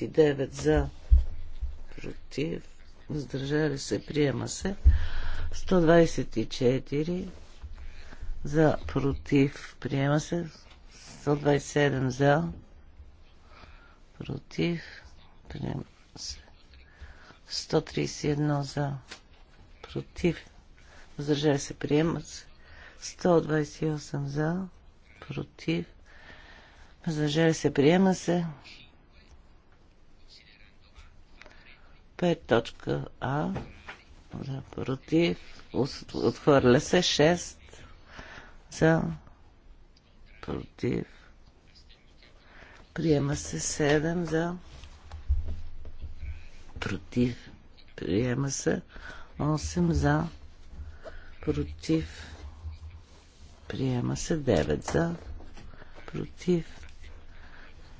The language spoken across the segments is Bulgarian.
139 за, против, въздържали се, приема се. 124 за, против, приема се. 127 за, против, приема се. 131 за, против, въздържали се, приема се. 128 за, против, въздържали се, приема се. 5.а за против. Отхвърля се 6 за против. Приема се 7 за против. Приема се 8 за против. Приема се 9 за против.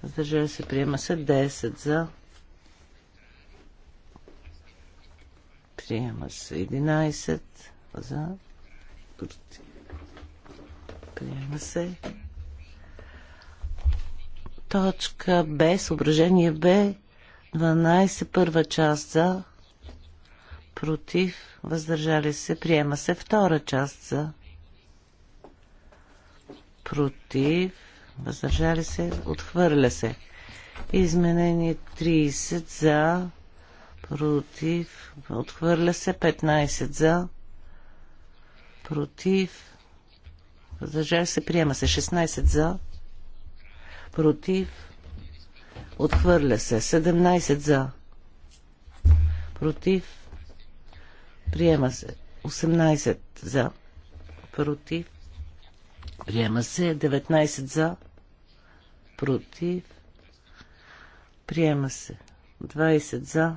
Задържава се приема се 10 за Приема се 11 за Приема се. Точка Б, съображение Б, 12 първа част за против, въздържали се, приема се втора част за против, въздържали се, отхвърля се. Изменение 30 за против, отхвърля се 15 за, против, Въздържава се, приема се 16 за, против, отхвърля се 17 за, против, приема се 18 за, против, приема се 19 за, против, приема се 20 за,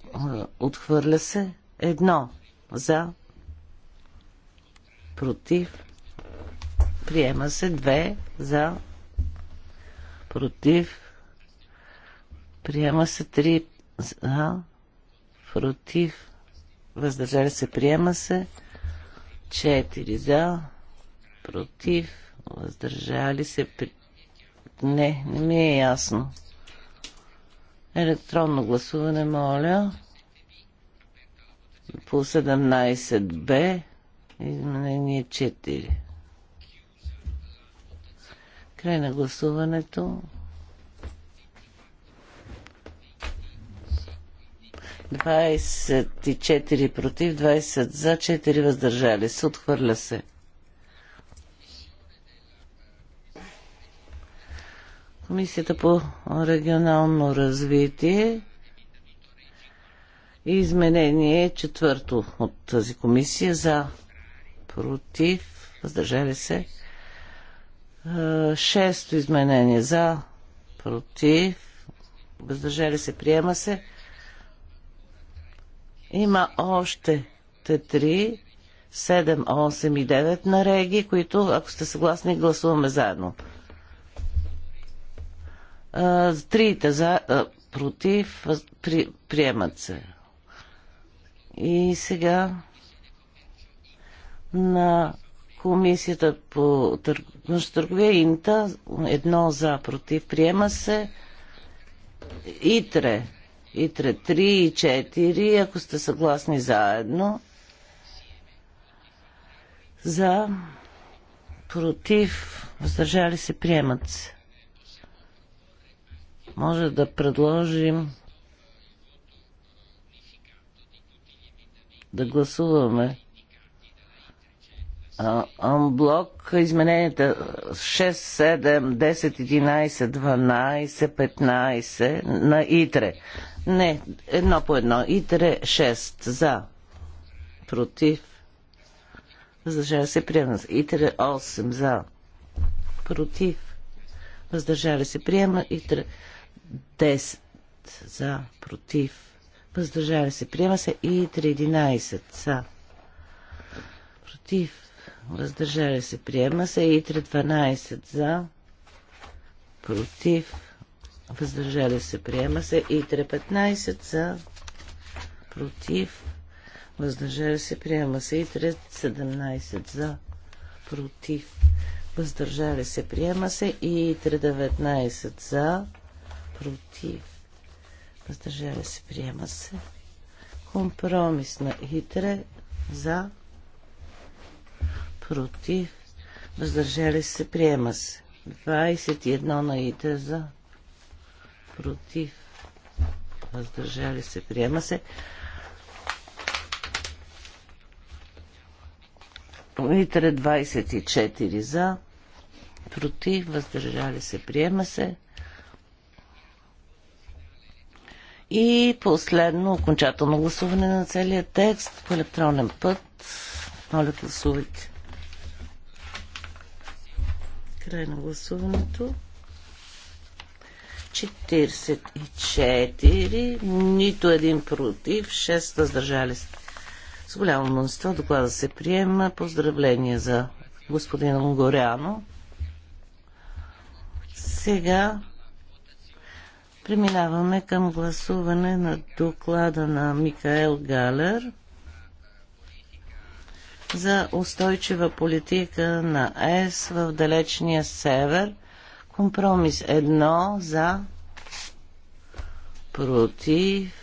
Отхвърля се. Едно. За. Против. Приема се. Две. За. Против. Приема се. Три. За. Против. Въздържали се. Приема се. Четири. За. Против. Въздържали се. При... Не, не ми е ясно. Електронно гласуване, моля. По 17Б, изменение 4. Край на гласуването. четири против, 20 за, 4 въздържали се. Отхвърля се. Комисията по регионално развитие и изменение е четвърто от тази комисия за против, въздържали се. Е, шесто изменение за против, въздържали се, приема се. Има още те три, 7, 8 и 9 на реги, които, ако сте съгласни, гласуваме заедно. Трите за, против, при, приемат се. И сега на комисията по търг... търговия Инта, едно за, против, приема се. Итре, Итре 3 и 4, ако сте съгласни заедно. За, против, въздържали се, приемат се може да предложим да гласуваме Блок, измененията 6, 7, 10, 11, 12, 15 на ИТРЕ. Не, едно по едно. ИТРЕ 6 за. Против. Въздържава се приема. ИТРЕ 8 за. Против. Въздържава се приема. ИТРЕ 10 за, против, въздържали се. Приема се и 13 за, против, въздържали се. Приема се и 12 за, против, въздържали се. Приема се и 15 за, против, въздържали се. Приема се и 17 за, против, въздържали се. Приема се и 19 за, против, против, въздържали се, приема се. Компромис на Хитре за, против, въздържали се, приема се. 21 на Хитре за, против, въздържали се, приема се. Итре 24 за, против, въздържали се, приема се. И последно, окончателно гласуване на целия текст по електронен път. Моля, гласувайте. Край на гласуването. 44, нито един против, 6 въздържали се. С голямо мнозинство доклада се приема. Поздравление за господина Лугоряно. Сега Преминаваме към гласуване на доклада на Микаел Галер за устойчива политика на ЕС в далечния север. Компромис едно за против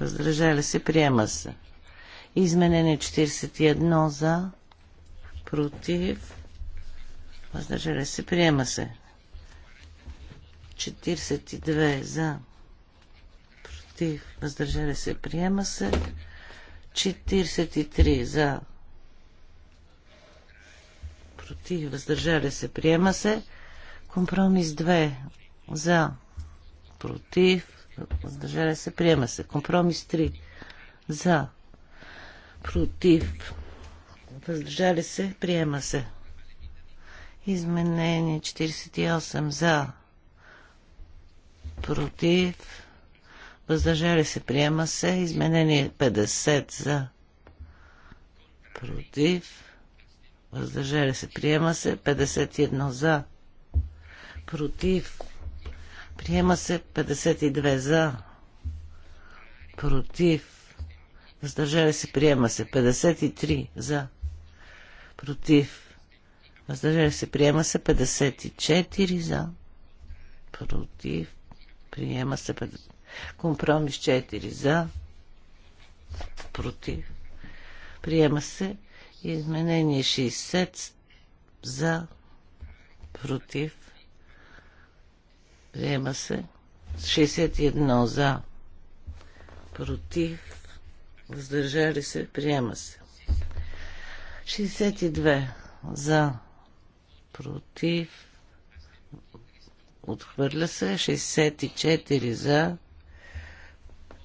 въздържали се, приема се. Изменение 41 за против въздържали се, приема се. 42 за. Против. Въздържали се. Приема се. 43 за. Против. Въздържали се. Приема се. Компромис 2 за. Против. Въздържали се. Приема се. Компромис 3 за. Против. Въздържали се. Приема се. Изменение 48 за против, въздържали се, приема се. Изменение 50 за, против, въздържали се, приема се. 51 за, против, приема се. 52 за, против, въздържали се, приема се. 53 за, против, въздържали се, приема се. 54 за, против, Приема се компромис 4 за. Против. Приема се изменение 60 за. Против. Приема се 61 за. Против. Въздържали се. Приема се. 62 за. Против Отхвърля се. 64 за.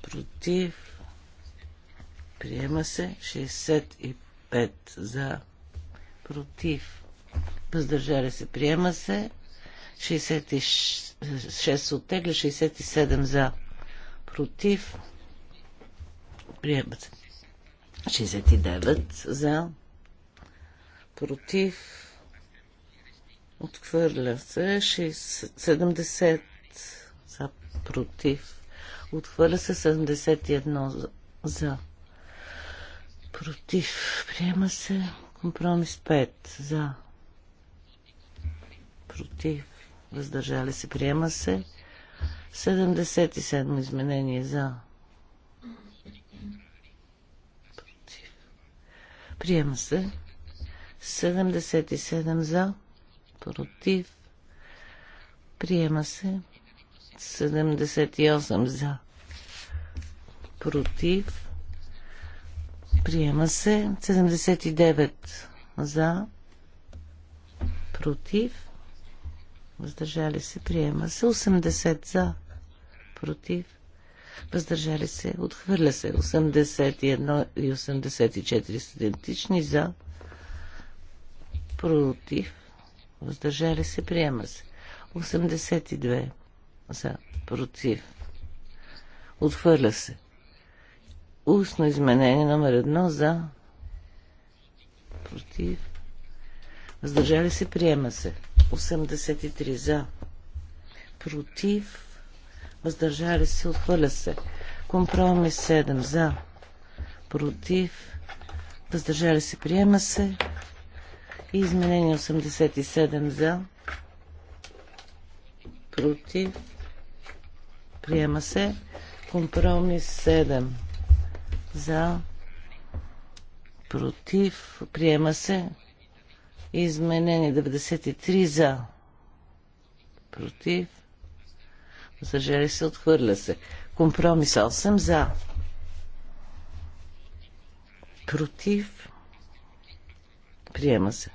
Против. Приема се. 65 за. Против. Въздържали се. Приема се. 66 оттегля. 67 за. Против. Приема се. 69 за. Против. Отхвърля се 6, 70 за против. Отхвърля се 71 за против. Приема се компромис 5 за против. Въздържали се. Приема се 77 изменение за против. Приема се 77 за против, приема се 78 за, против, приема се 79 за, против, въздържали се, приема се 80 за, против, въздържали се, отхвърля се 81 и 84 са идентични за, против, въздържали се, приема се. 82 за, против, отхвърля се. Устно изменение номер едно за, против, въздържали се, приема се. 83 за, против, въздържали се, отхвърля се. Компромис 7 за, против, въздържали се, приема се. Изменение 87 за. Против. Приема се. Компромис 7 за. Против. Приема се. Изменение 93 за. Против. Въздържали се. Отхвърля се. Компромис 8 за. Против. Приема се.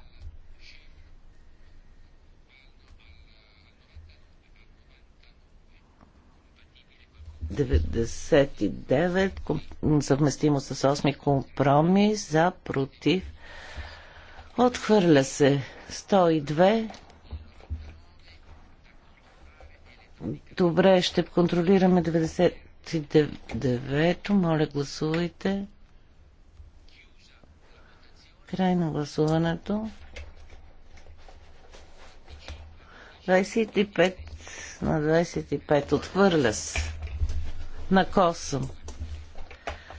99, съвместимо с 8 компромис, за, против. Отхвърля се 102. Добре, ще контролираме 99. Моля, гласувайте. Край на гласуването. 25 на 25. Отхвърля се на косъм.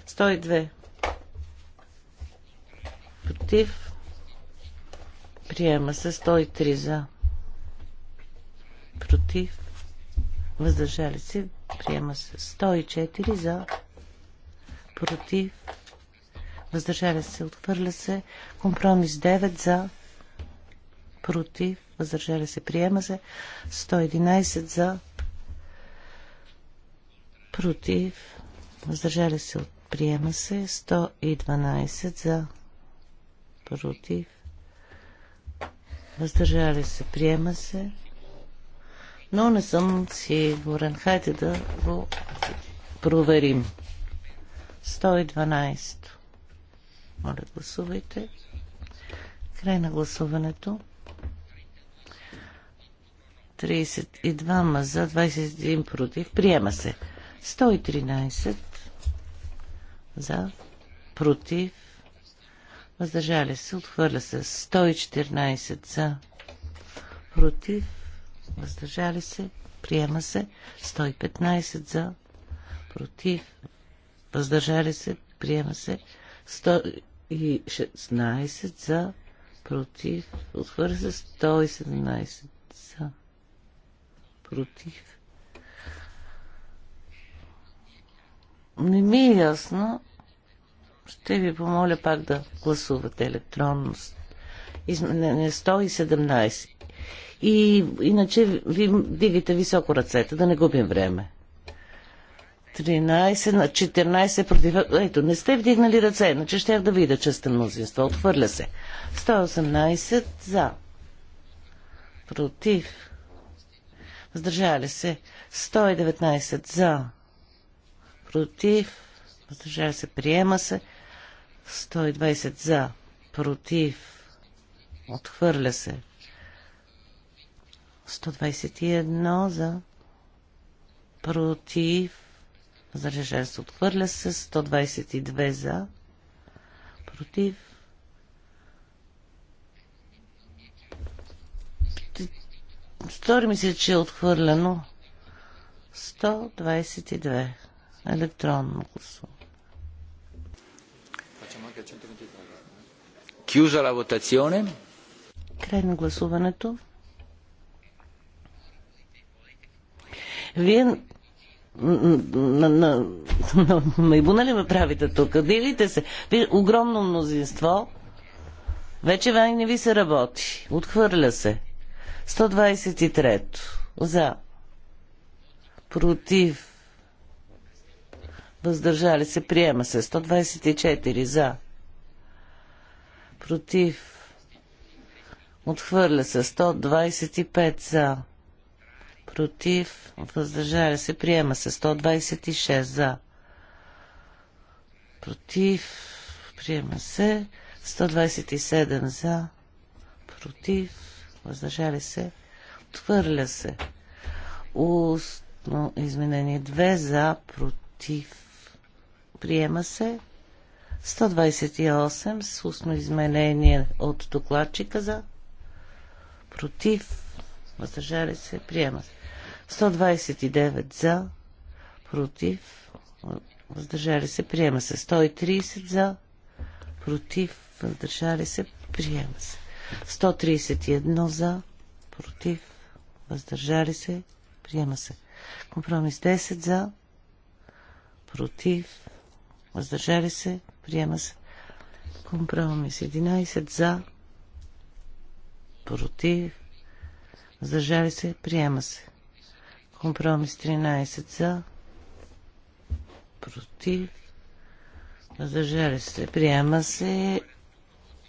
102. Против. Приема се 103 за. Против. Въздържали се. Приема се 104 за. Против. Въздържали се. отвърля се. Компромис 9 за. Против. Въздържали се. Приема се. 111 за против, въздържали се, приема се 112 за, против, въздържали се, приема се, но не съм сигурен. Хайде да го проверим. 112. Моля, гласувайте. Край на гласуването. 32 за, 21 против. Приема се. 113 за, против, въздържали се, отхвърля се 114 за, против, въздържали се, приема се 115 за, против, въздържали се, приема се 116 за, против, отхвърля се 117 за, против, не ми е ясно. Ще ви помоля пак да гласувате електронно. Изменение 117. И иначе ви дигате високо ръцете, да не губим време. 13 на 14 против... Ето, не сте вдигнали ръце, иначе щях да видя, че сте мнозинство. Отхвърля се. 118 за. Против. Въздържали се. 119 за против, въздържали се, приема се. 120 за, против, отхвърля се. 121 за, против, въздържали се, отхвърля се. 122 за, против. Стори ми се, че е отхвърлено. 122 електронно гласуване. Край на гласуването. Вие на, майбуна ли ме правите тук? Дилите се. огромно мнозинство. Вече вани не ви се работи. Отхвърля се. 123 За. Против въздържали се, приема се. 124 за, против, отхвърля се. 125 за, против, въздържали се, приема се. 126 за, против, приема се. 127 за, против, въздържали се, отхвърля се. Устно изменение 2 за, против, Приема се. 128 с устно изменение от докладчика за. Против. Въздържали се. Приема се. 129 за. Против. Въздържали се. Приема се. 130 за. Против. Въздържали се. Приема се. 131 за. Против. Въздържали се. Приема се. Компромис 10 за. Против въздържали се, приема се. Компромис 11 за, против, въздържали се, приема се. Компромис 13 за, против, въздържали се, приема се.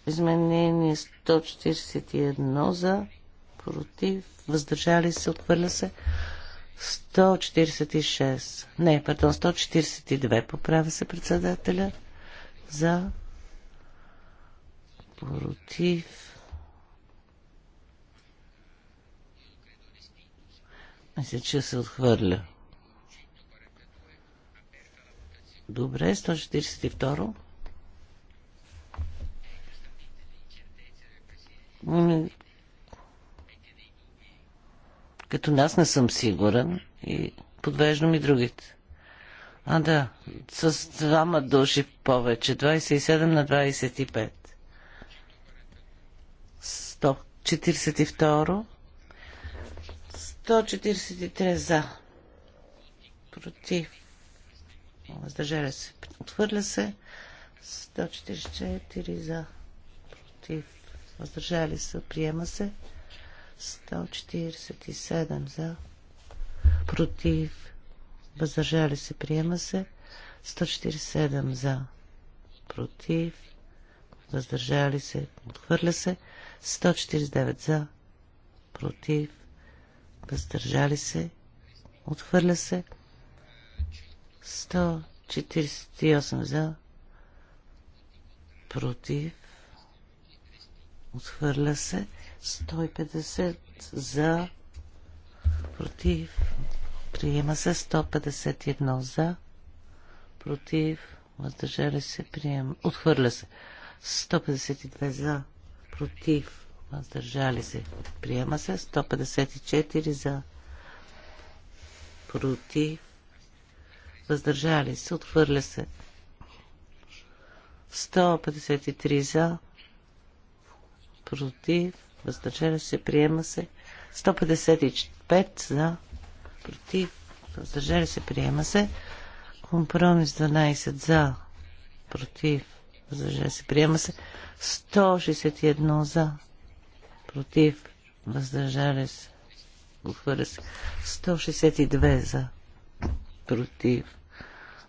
Изменение 141 за, против, въздържали се, отхвърля се. 146. Не, пардон, 142. Поправя се председателя. За. Против. Мисля, че се отхвърля. Добре, 142 като нас не съм сигурен и подвеждам и другите. А да, с двама души повече. 27 на 25. 142. 143 за. Против. Въздържали се. Отхвърля се. 144 за. Против. Въздържали се. Приема се. 147 за, против, въздържали се, приема се. 147 за, против, въздържали се, отхвърля се. 149 за, против, въздържали се, отхвърля се. 148 за, против, отхвърля се. 150 за, против, приема се 151 за, против, въздържали се, приема, отхвърля се 152 за, против, въздържали се, приема се 154 за, против, въздържали се, отхвърля се 153 за, против, въздържали се, приема се. 155 за, против, въздържали се, приема се. Компромис 12 за, против, въздържали се, приема се. 161 за, против, въздържали се, отхвърля се. 162 за, против,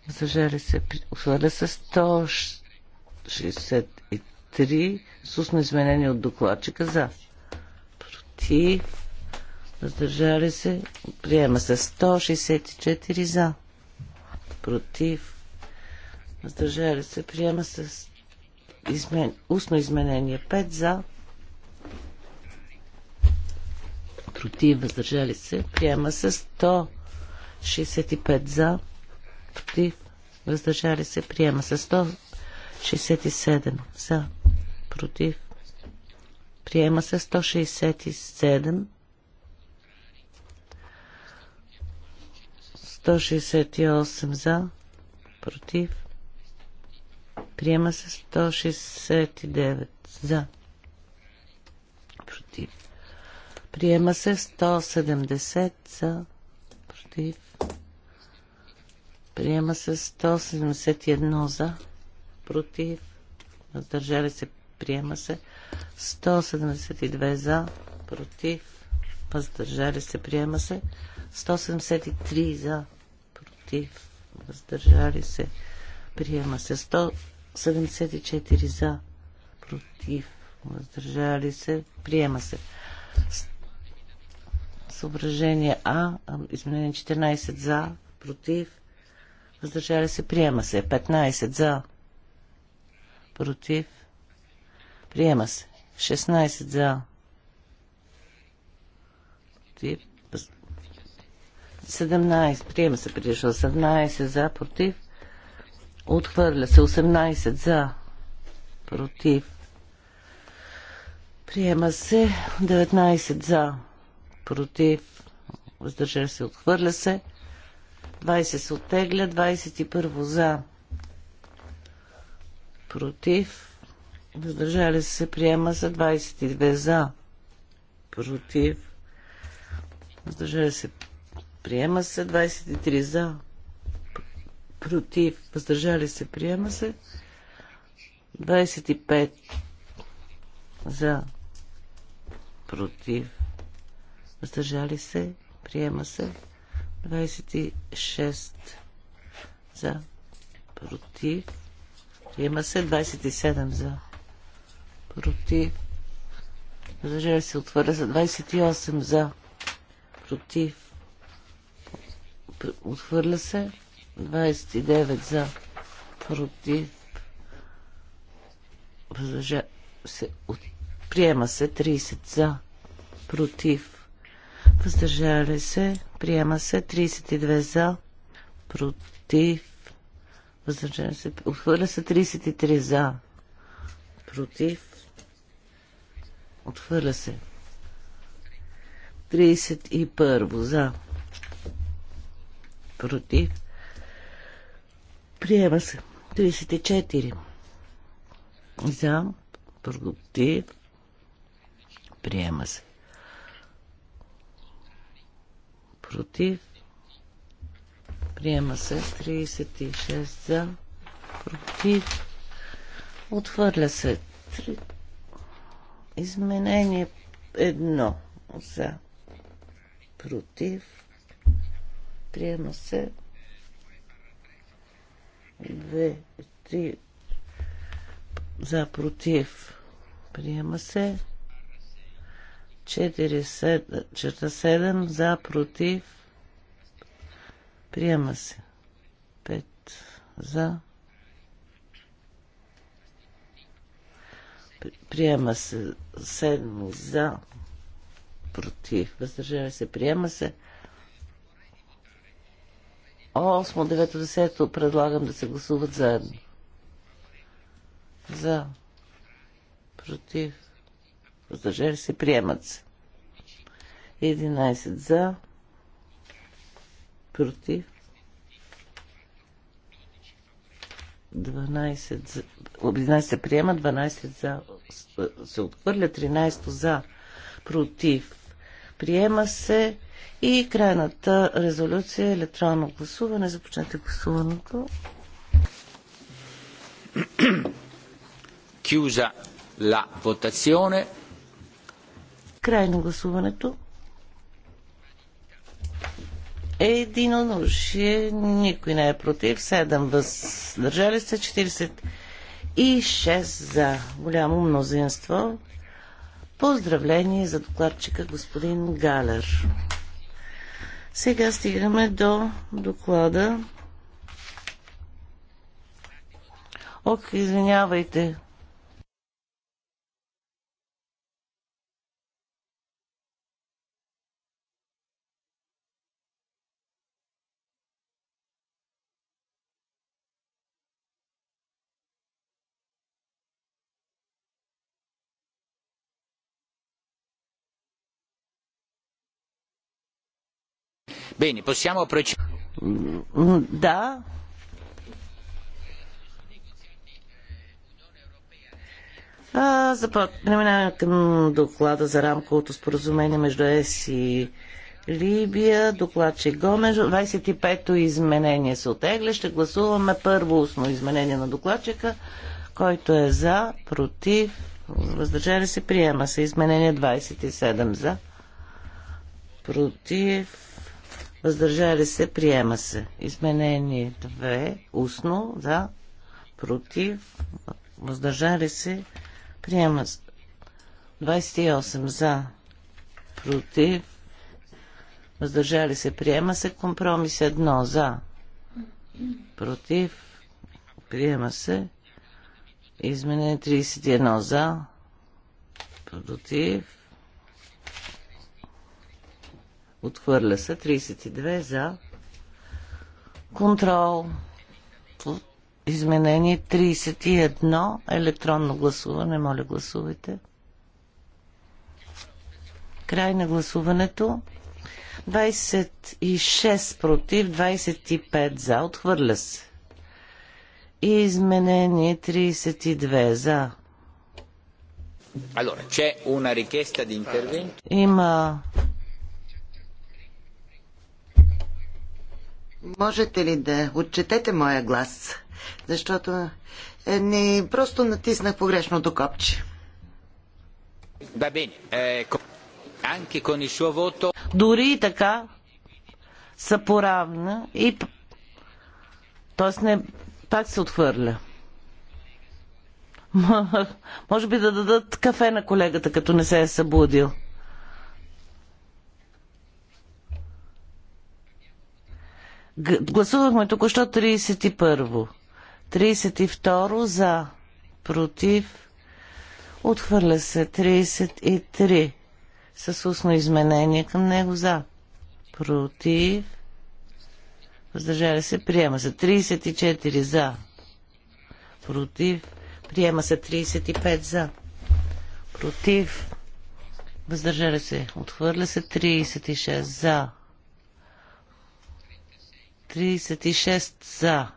въздържали се, отхвърля се. 163 с устно изменение от докладчика за против, въздържали се, приема се 164 за, против, въздържали се, приема се измен... устно изменение 5 за, против, въздържали се, приема се 165 за, против, въздържали се, приема се 167 за, против, Приема се 167. 168 за. Против. Приема се 169 за. Против. Приема се 170 за. Против. Приема се 171 за. Против. Въздържали се. Приема се 172 за, против, въздържали се, приема се. 173 за, против, въздържали се, приема се. 174 за, против, въздържали се, приема се. Съображение А, изменение 14 за, против, въздържали се, приема се. 15 за, против, Приема се. 16 за. 17. Приема се. Пришло 17 за. Против. Отхвърля се. 18 за. Против. Приема се. 19 за. Против. Въздържа се. Отхвърля се. 20 се оттегля. 21 за. Против. Въздържали се приема за 22 за. Против. Въздържали се приема се 23 за. Против. Въздържали се приема се 25 за. Против. Въздържали се приема се 26 за. Против. Приема се 27 за против, Задържава се, отхвърля се. 28 за, против, отхвърля се. 29 за, против, въздържа се, от... приема се 30 за, против, въздържали се, приема се 32 за, против, въздържали се, отхвърля се 33 за, против, Отхвърля се. 31 за. Против. Приема се. 34 за. Против. Приема се. Против. Приема се. 36 за. Против. Отхвърля се. 3. Изменение едно за против. Приема се. Две, три за против. Приема се. 4, черта 7 за против. Приема се. 5 за Приема се седмо за. Против. Въздържава се. Приема се. 8, 9, 10 предлагам да се гласуват заедно. За. Против. Въздържали се. Приемат се. 11 за. Против. 12 се приема, 12 за се отхвърля, 13 за против. Приема се и крайната резолюция е електронно гласуване. Започнете гласуването. Кюза la votazione. гласуването единодушие, никой не е против, 7 въздържали се, 46 за голямо мнозинство. Поздравление за докладчика господин Галер. Сега стигаме до доклада. Ок, извинявайте, Bene, possiamo procedere. Да. Преминаваме към доклада за рамковото споразумение между ЕС и Либия. Доклад, го между 25-то изменение се отегля. Ще гласуваме първо устно изменение на докладчика, който е за, против, въздържали се, приема се. Изменение 27 за, против, въздържали се, приема се. Изменение 2, устно, за, против, въздържали се, приема се. 28 за, против, въздържали се, приема се. Компромис 1 за, против, приема се. Изменение 31 за, против, Отхвърля се. 32 за. Контрол. Изменение 31. Електронно гласуване. Моля, гласувайте. Край на гласуването. 26 против, 25 за. Отхвърля се. изменение 32 за. Allora, c'è una richiesta di intervento. Има Можете ли да отчетете моя глас? Защото е, не просто натиснах погрешното копче. Е, Дори и така са поравна и т.е. не пак се отхвърля. Може би да дадат кафе на колегата, като не се е събудил. Гласувахме току-що 31-во. 32-ро за, против, отхвърля се 33 с устно изменение към него за, против, въздържали се, приема се 34 за, против, приема се 35 за, против, въздържали се, отхвърля се 36 за, 36 за.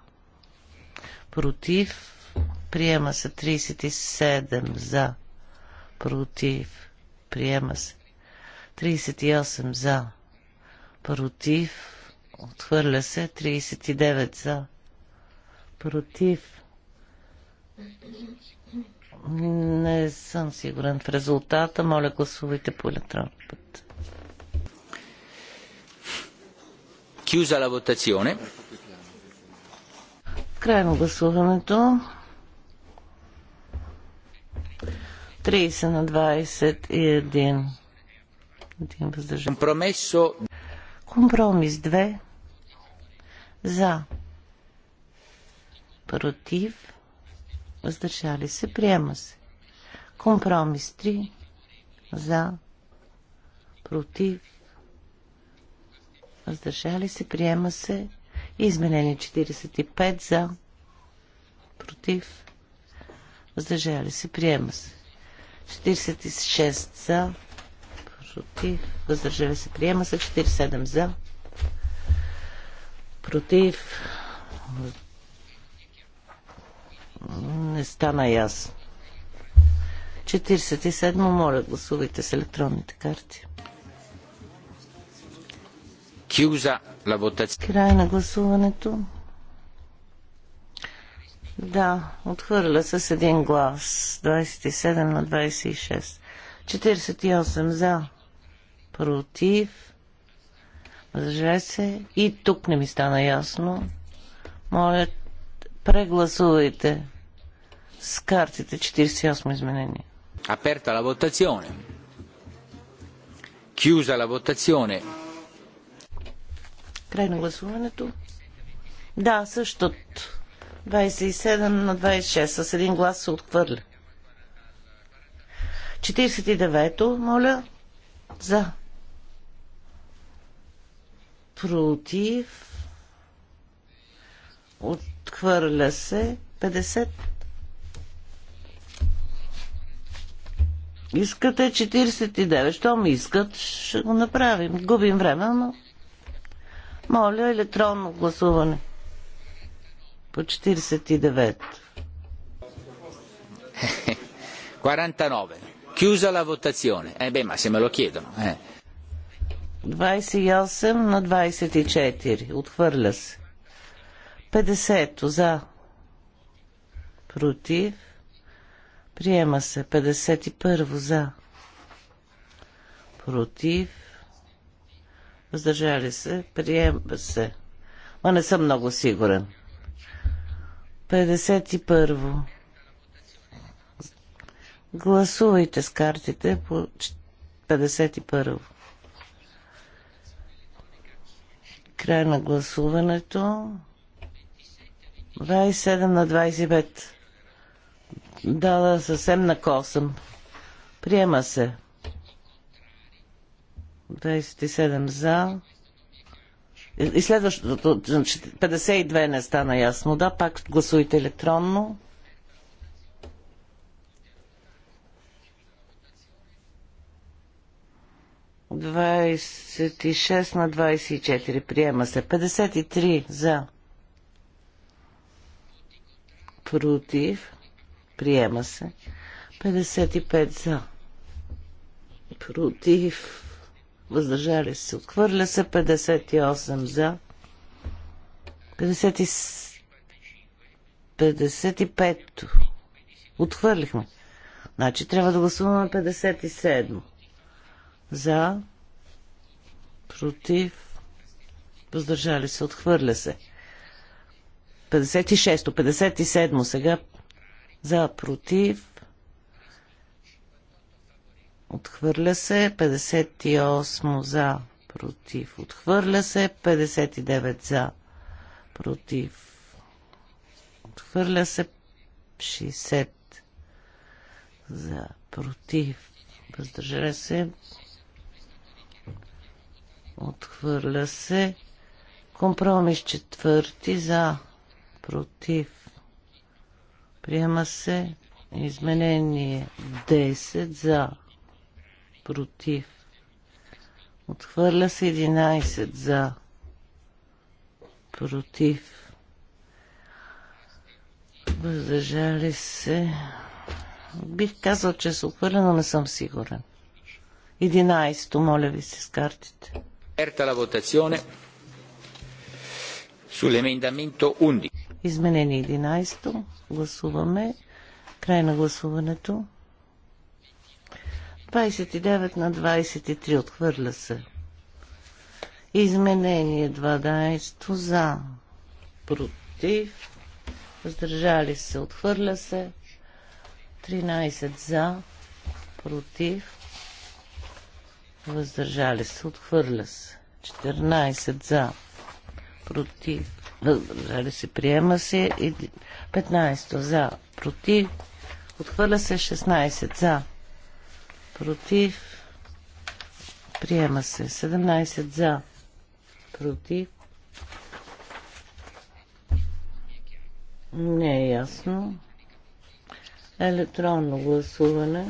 Против. Приема се 37 за. Против. Приема се. 38 за. Против. Отхвърля се. 39 за. Против. Не съм сигурен в резултата. Моля, гласувайте по електронен път. Chiusa la votazione. Край на гласуването. 30 на 21. Един въздържан. Компромисо. Компромис 2. За. Против. Въздържали се. Приема се. Компромис 3. За. Против въздържали се, приема се. Изменение 45 за, против, въздържали се, приема се. 46 за, против, въздържали се, приема се. 47 за, против, не стана ясно. 47 моля, гласувайте с електронните карти. Chiusa la votazione. Край на гласуването. Да, отхвърля с един глас. 27 на 26. 48 за. Против. Въздържа се. И тук не ми стана ясно. Моля, прегласувайте с картите 48 изменение. Аперта la votazione. Chiusa la votazione. Край на гласуването. Да, същото. 27 на 26. С един глас се отхвърля. 49-то, моля. За. Против. Отхвърля се. 50. Искате 49. Що ми искат, ще го направим. Губим време, но моля електронно гласуване. По 49. 49. Chiusa la votazione. Eh beh, ma se me lo chiedono. Eh. 28 на 24. Отхвърля се. 50 за. Против. Приема се. 51 за. Против. Въздържали се. Приема се. Ма не съм много сигурен. 51. Гласувайте с картите по 51. Край на гласуването. 27 на 25. Дала съвсем на косъм. Приема се. 27 за. И следващото, 52 значи, не стана ясно, да, пак гласуйте електронно. Двадесет и шест на двадесет и четири. Приема се. Петдесет и три за. Против. Приема се. Петдесет и пет за. Против въздържали се, отхвърля се 58 за, 50 55 отхвърлихме. Значи трябва да гласуваме 57 за, против, въздържали се, отхвърля се. 56-57 сега за, против, Отхвърля се 58 за, против. Отхвърля се 59 за, против. Отхвърля се 60 за, против. Въздържа се. Отхвърля се. Компромис четвърти за, против. Приема се изменение 10 за, против. Отхвърля се 11 за против. Въздържали се. Бих казал, че се отхвърля, но не съм сигурен. 11 моля ви се с картите. Ерта ла вотационе. Сулемендаменто 11. Изменение 11 Гласуваме. Край на гласуването. 29 на 23 отхвърля се. Изменение 12 за. Против. Въздържали се. Отхвърля се. 13 за. Против. Въздържали се. Отхвърля се. 14 за. Против. Въздържали се. Приема се. 15 за. Против. Отхвърля се. 16 за Против. Приема се. 17 за. Против. Не е ясно. Електронно гласуване.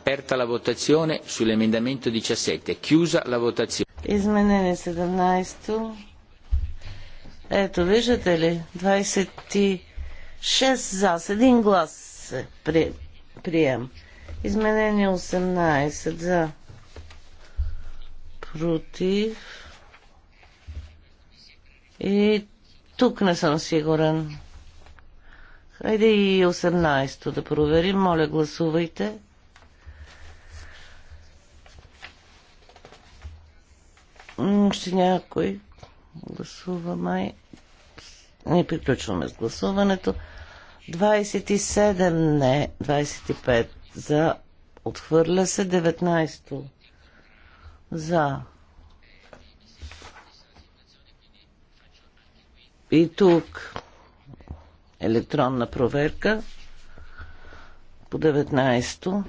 Aperta la votazione sull'emendamento 17. Кюза ла вотационе. Изменение 17. Ето, виждате ли, 20 6 за, с един глас се при, прием. Изменение 18 за против. И тук не съм сигурен. Хайде и 18-то да проверим. Моля, гласувайте. Ще някой гласува май. Не приключваме с гласуването. 27 не, 25 за. Отхвърля се 19 то за. И тук електронна проверка по 19-то.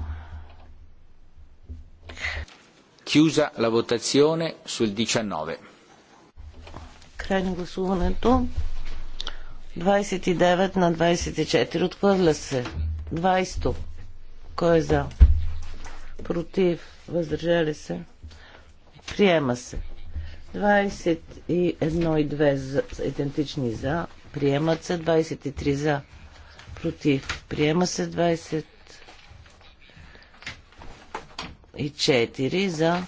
Chiusa la votazione sul 19. Крайно гласуването. 29 на 24. Отхвърля се. 20. Кой е за? Против. Въздържали се. Приема се. 21 и 2 за, идентични за. Приемат се. 23 за. Против. Приема се. 20 и 4 за.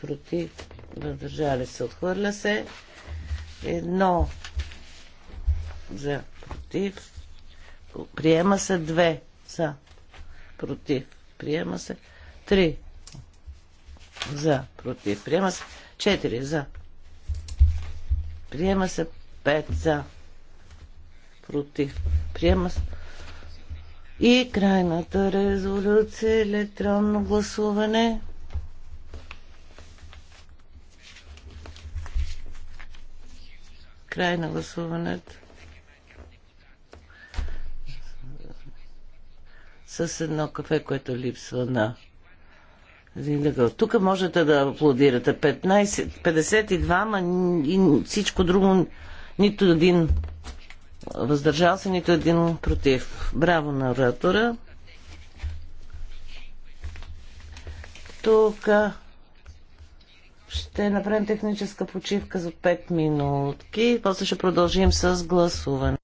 Против. Въздържали се. Отхвърля се. Едно за против. Приема се 2 за против. Приема се Три. за против. Приема се четири за. Приема се Пет за против. Приема се и крайната резолюция е електронно гласуване. Край на гласуването. с едно кафе, което липсва на Зиндагъл. Тук можете да аплодирате. 15, 52 и всичко друго, нито един въздържал се, нито един против. Браво на оратора. Тук ще направим техническа почивка за 5 минутки. После ще продължим с гласуване.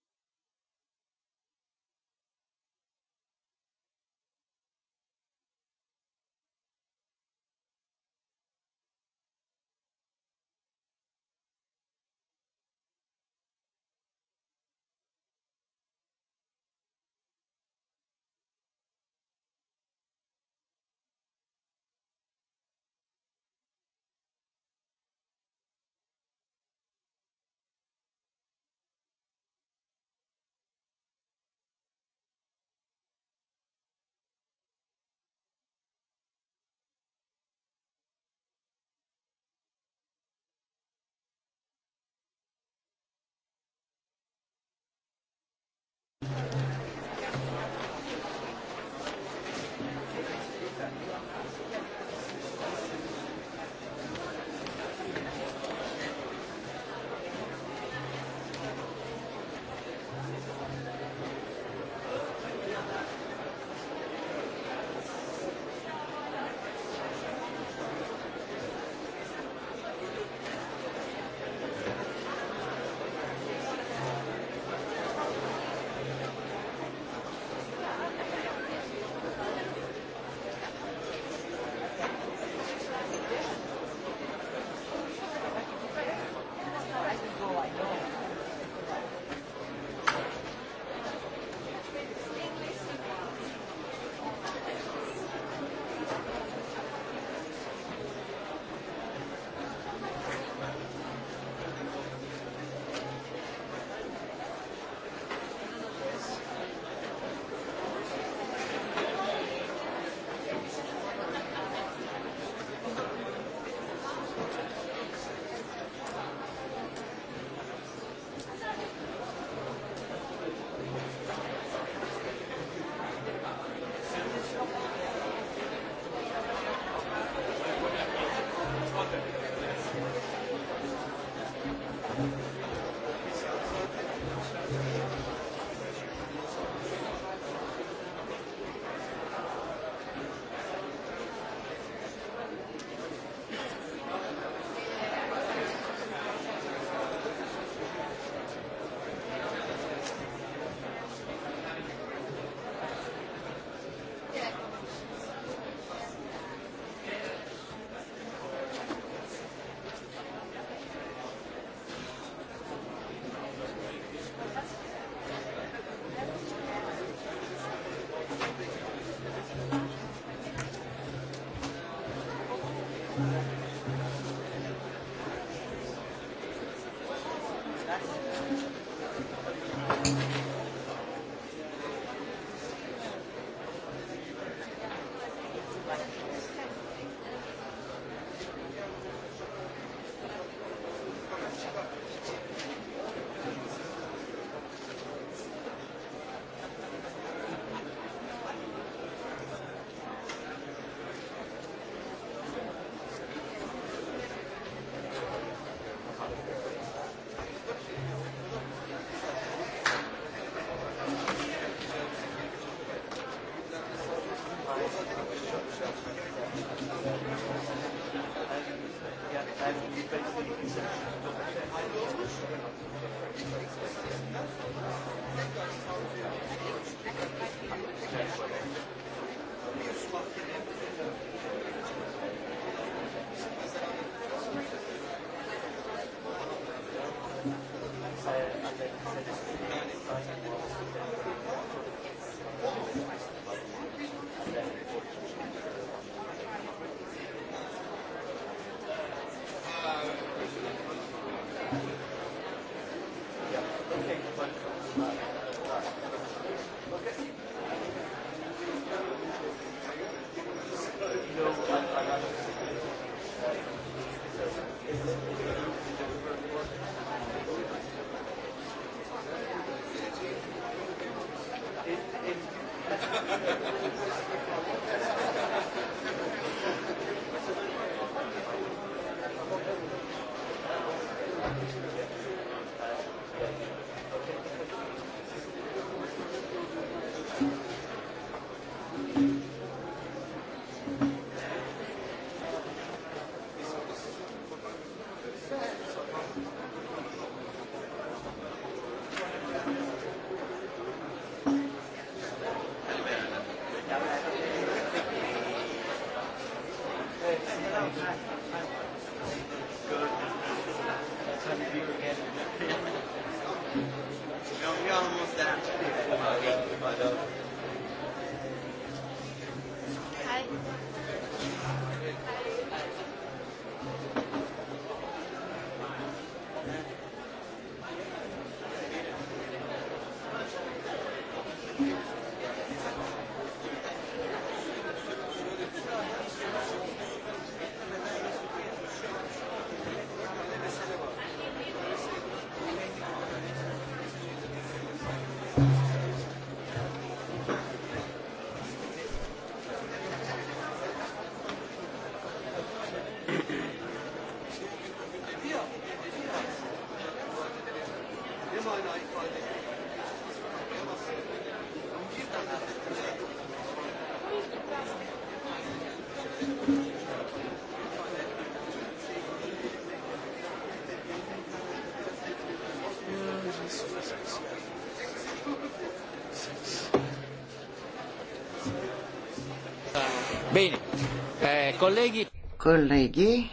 колеги. Колеги,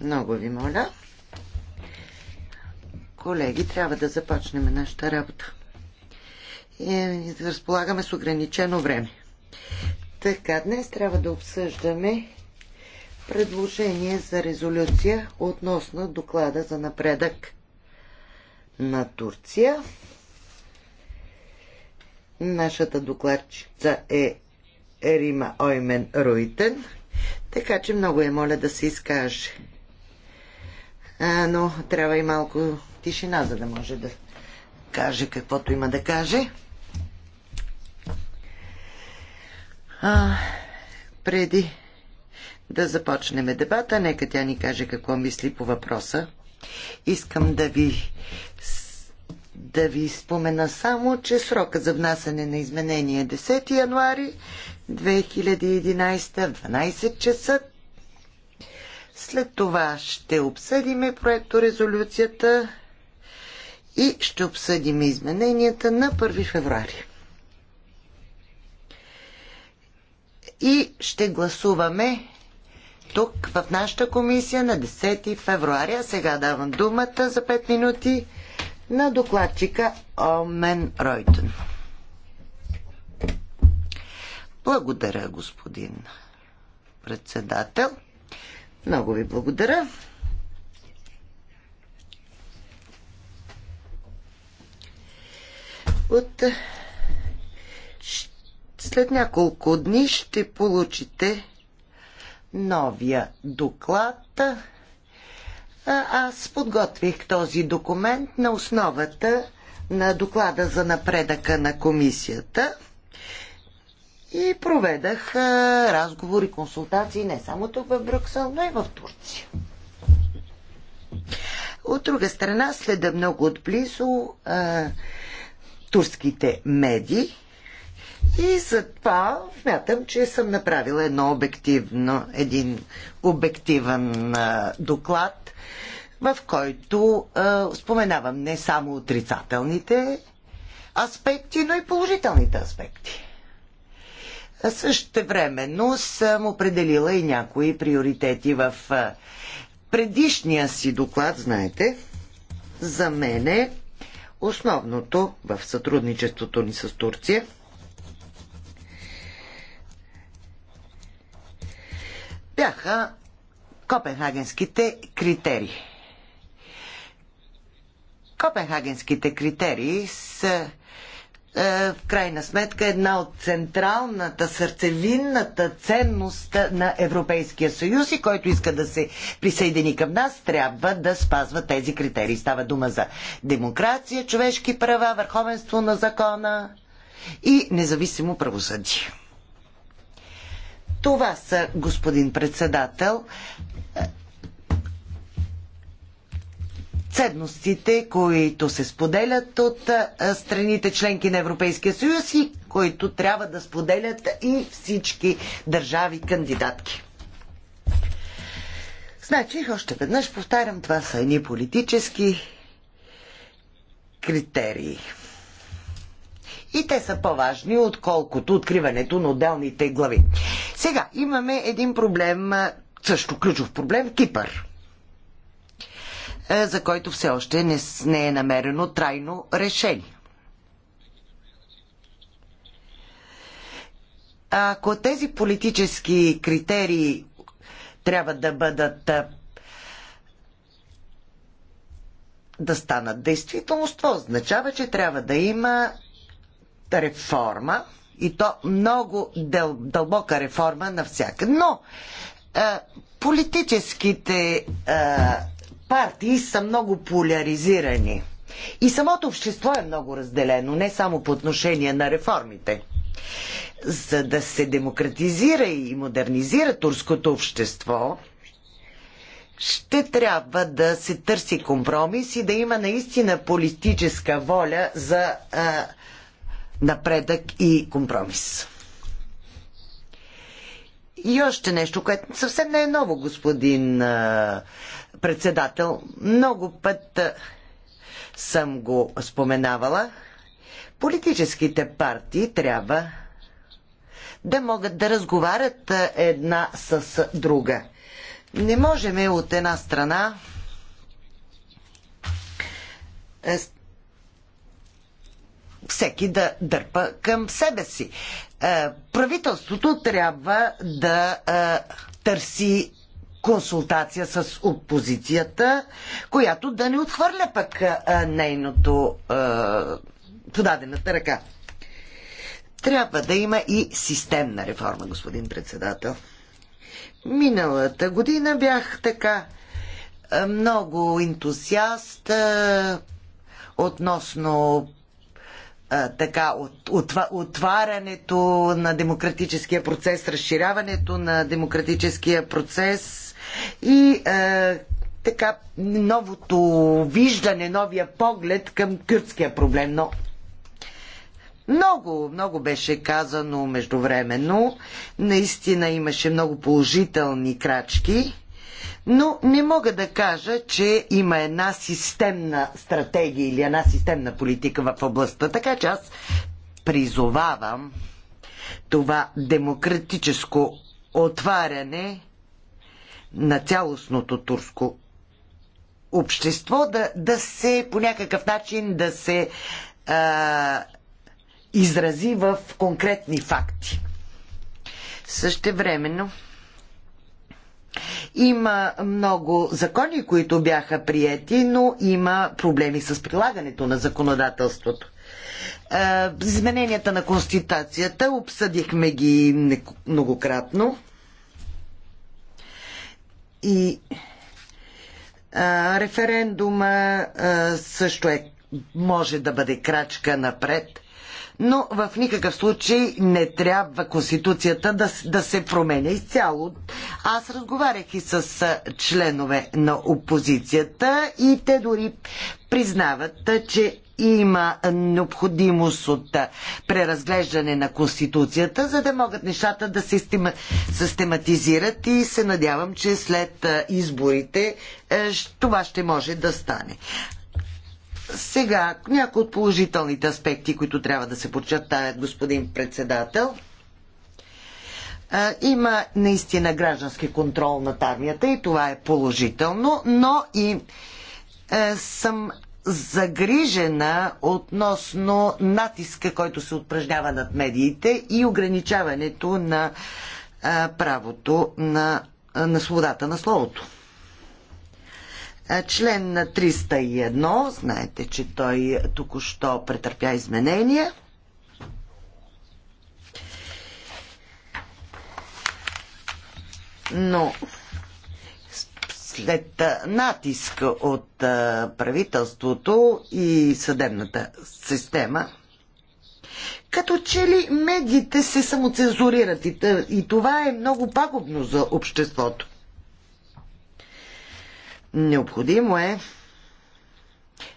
много ви моля. Колеги, трябва да започнем нашата работа. И разполагаме с ограничено време. Така, днес трябва да обсъждаме предложение за резолюция относно доклада за напредък на Турция. Нашата докладчица е Рима Оймен Руйтен, така че много я моля да се изкаже. А, но трябва и малко тишина, за да може да каже каквото има да каже. А, преди да започнем дебата, нека тя ни каже какво мисли по въпроса. Искам да ви да ви спомена само, че срока за внасяне на изменение е 10 януари, 2011 12 часа. След това ще обсъдиме проекто резолюцията и ще обсъдим измененията на 1 февруари. И ще гласуваме тук в нашата комисия на 10 февруаря. Сега давам думата за 5 минути на докладчика Омен Ройтън. Благодаря, господин председател. Много ви благодаря. От... Е, след няколко дни ще получите новия доклад. Е, аз подготвих този документ на основата на доклада за напредъка на комисията и проведах разговори, консултации не само тук в Брюксел, но и в Турция. От друга страна, следа много отблизо а, турските медии и затова смятам, че съм направила едно обективно, един обективен а, доклад, в който а, споменавам не само отрицателните аспекти, но и положителните аспекти. Същевременно съм определила и някои приоритети в предишния си доклад, знаете, за мен е основното в сътрудничеството ни с Турция бяха копенхагенските критерии. Копенхагенските критерии са е, в крайна сметка една от централната, сърцевинната ценност на Европейския съюз и който иска да се присъедини към нас, трябва да спазва тези критерии. Става дума за демокрация, човешки права, върховенство на закона и независимо правосъдие. Това са, господин председател, ценностите, които се споделят от страните членки на Европейския съюз и които трябва да споделят и всички държави кандидатки. Значи, още веднъж повтарям, това са едни политически критерии. И те са по-важни, отколкото откриването на отделните глави. Сега, имаме един проблем, също ключов проблем, Кипър. Е, за който все още не, не е намерено трайно решение. Ако тези политически критерии трябва да бъдат е, да станат действителност, това означава, че трябва да има реформа и то много дъл, дълбока реформа навсякъде. Но а, е, политическите а, партии са много поляризирани. И самото общество е много разделено, не само по отношение на реформите. За да се демократизира и модернизира турското общество, ще трябва да се търси компромис и да има наистина политическа воля за а, напредък и компромис. И още нещо, което съвсем не е ново, господин а, председател. Много път съм го споменавала. Политическите партии трябва да могат да разговарят една с друга. Не можем от една страна всеки да дърпа към себе си. Правителството трябва да търси консултация с опозицията, която да не отхвърля пък а, нейното а, подадената ръка. Трябва да има и системна реформа, господин председател. Миналата година бях така много ентусиаст относно така, от, отварянето на демократическия процес, разширяването на демократическия процес и е, така новото виждане, новия поглед към кюртския проблем. Но много, много беше казано междувременно. Наистина имаше много положителни крачки. Но не мога да кажа, че има една системна стратегия или една системна политика в областта. Така че аз призовавам това демократическо отваряне на цялостното турско общество да, да се по някакъв начин да се а, изрази в конкретни факти. времено има много закони, които бяха приети, но има проблеми с прилагането на законодателството. Измененията на Конституцията обсъдихме ги многократно и а, референдума а, също е, може да бъде крачка напред, но в никакъв случай не трябва Конституцията да, да се променя изцяло. Аз разговарях и с членове на опозицията и те дори признават, че има необходимост от преразглеждане на Конституцията, за да могат нещата да се систематизират и се надявам, че след изборите това ще може да стане. Сега, някои от положителните аспекти, които трябва да се подчертаят, господин председател. Има наистина граждански контрол над армията и това е положително, но и съм загрижена относно натиска, който се упражнява над медиите и ограничаването на правото на, на свободата на словото. Член на 301, знаете, че той току-що претърпя изменения. Но след натиск от правителството и съдебната система, като че ли медиите се самоцензурират и това е много пагубно за обществото. Необходимо е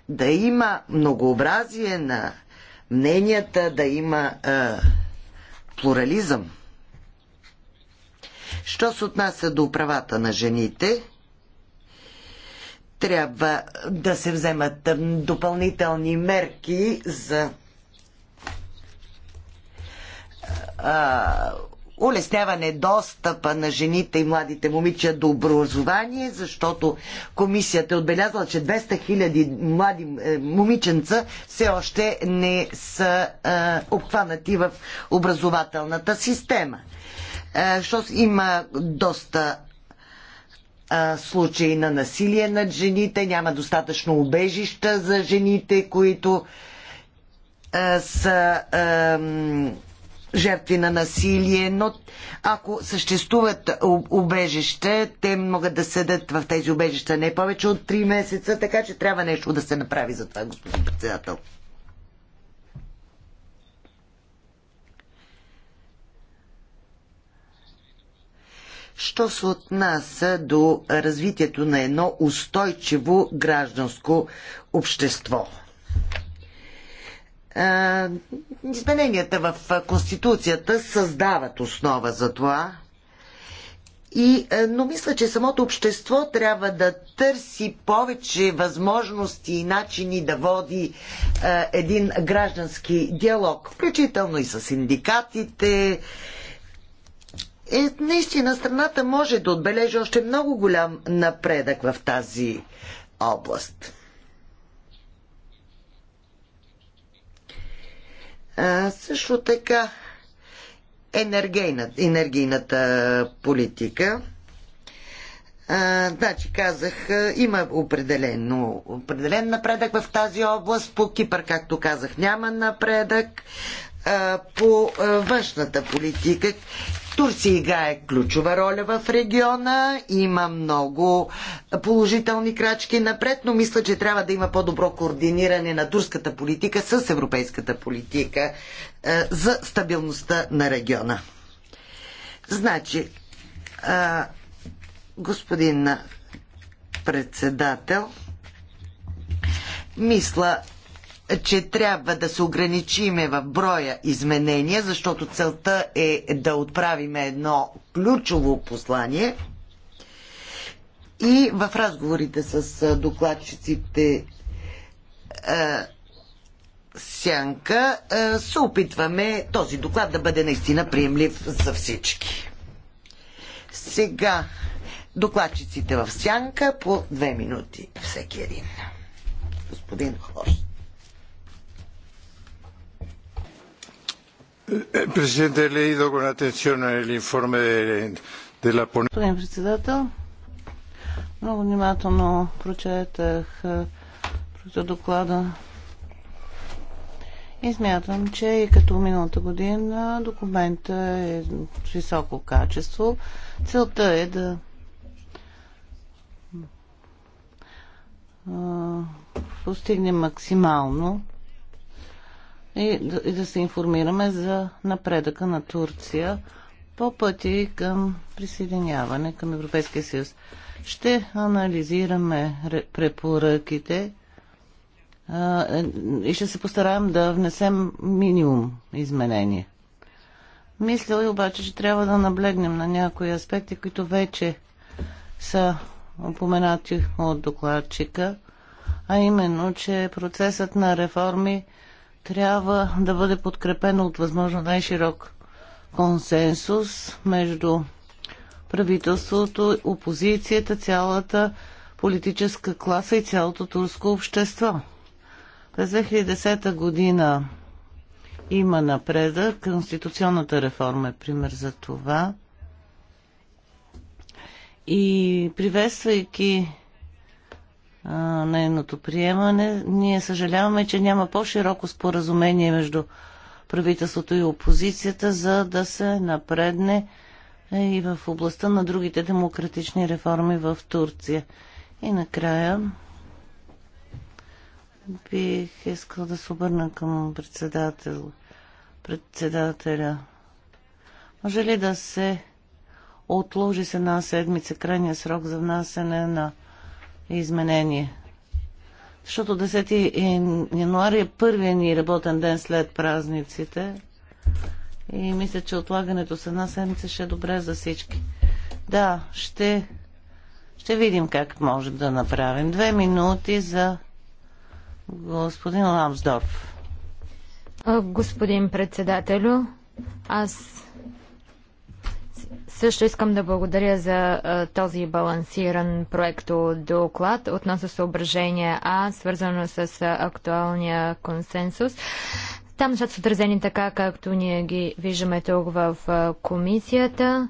да има многообразие на мненията, да има е, плурализъм. Що се отнася до правата на жените, трябва да се вземат допълнителни мерки за улесняване достъпа на жените и младите момичета до образование, защото комисията е отбелязала, че 200 хиляди млади е, момиченца все още не са а, обхванати в образователната система. А, що има доста случаи на насилие над жените, няма достатъчно убежища за жените, които а, са а, жертви на насилие, но ако съществуват убежища, те могат да седат в тези убежища не повече от 3 месеца, така че трябва нещо да се направи за това, господин председател. що се отнася до развитието на едно устойчиво гражданско общество. Измененията в Конституцията създават основа за това. И, но мисля, че самото общество трябва да търси повече възможности и начини да води е, един граждански диалог, включително и с синдикатите, е, наистина страната може да отбележи още много голям напредък в тази област. А, също така енергийна, енергийната политика. А, значи казах, има определено, определен напредък в тази област. По Кипър, както казах, няма напредък. А, по а, външната политика Турция играе ключова роля в региона, има много положителни крачки напред, но мисля, че трябва да има по-добро координиране на турската политика с европейската политика е, за стабилността на региона. Значи, е, господин председател, мисля, че трябва да се ограничиме в броя изменения, защото целта е да отправим едно ключово послание. И в разговорите с докладчиците Сянка се опитваме този доклад да бъде наистина приемлив за всички. Сега докладчиците в Сянка по две минути всеки един. Господин Хорст. Господин председател, много внимателно прочетах е, доклада и смятам, че и като миналата година документа е с високо качество. Целта е да е, постигнем максимално и да, и да се информираме за напредъка на Турция по пъти към присъединяване към Европейския съюз. Ще анализираме препоръките а, е, и ще се постараем да внесем минимум изменения. Мисля и обаче, че трябва да наблегнем на някои аспекти, които вече са упоменати от докладчика, а именно, че процесът на реформи трябва да бъде подкрепено от възможно най-широк консенсус между правителството, опозицията, цялата политическа класа и цялото турско общество. През 2010 година има напредък. Конституционната реформа е пример за това. И приветствайки нейното приемане. Ние съжаляваме, че няма по-широко споразумение между правителството и опозицията, за да се напредне е, и в областта на другите демократични реформи в Турция. И накрая бих искал да се обърна към председател, председателя. Може ли да се отложи с една седмица крайния срок за внасене на изменение. Защото 10 януари е първия ни работен ден след празниците. И мисля, че отлагането с една седмица ще е добре за всички. Да, ще, ще видим как можем да направим. Две минути за господин Ламсдорф. Господин председателю, аз също искам да благодаря за а, този балансиран проекто доклад относно съображение А, свързано с а, актуалния консенсус. Там са отразени така, както ние ги виждаме тук в а, комисията.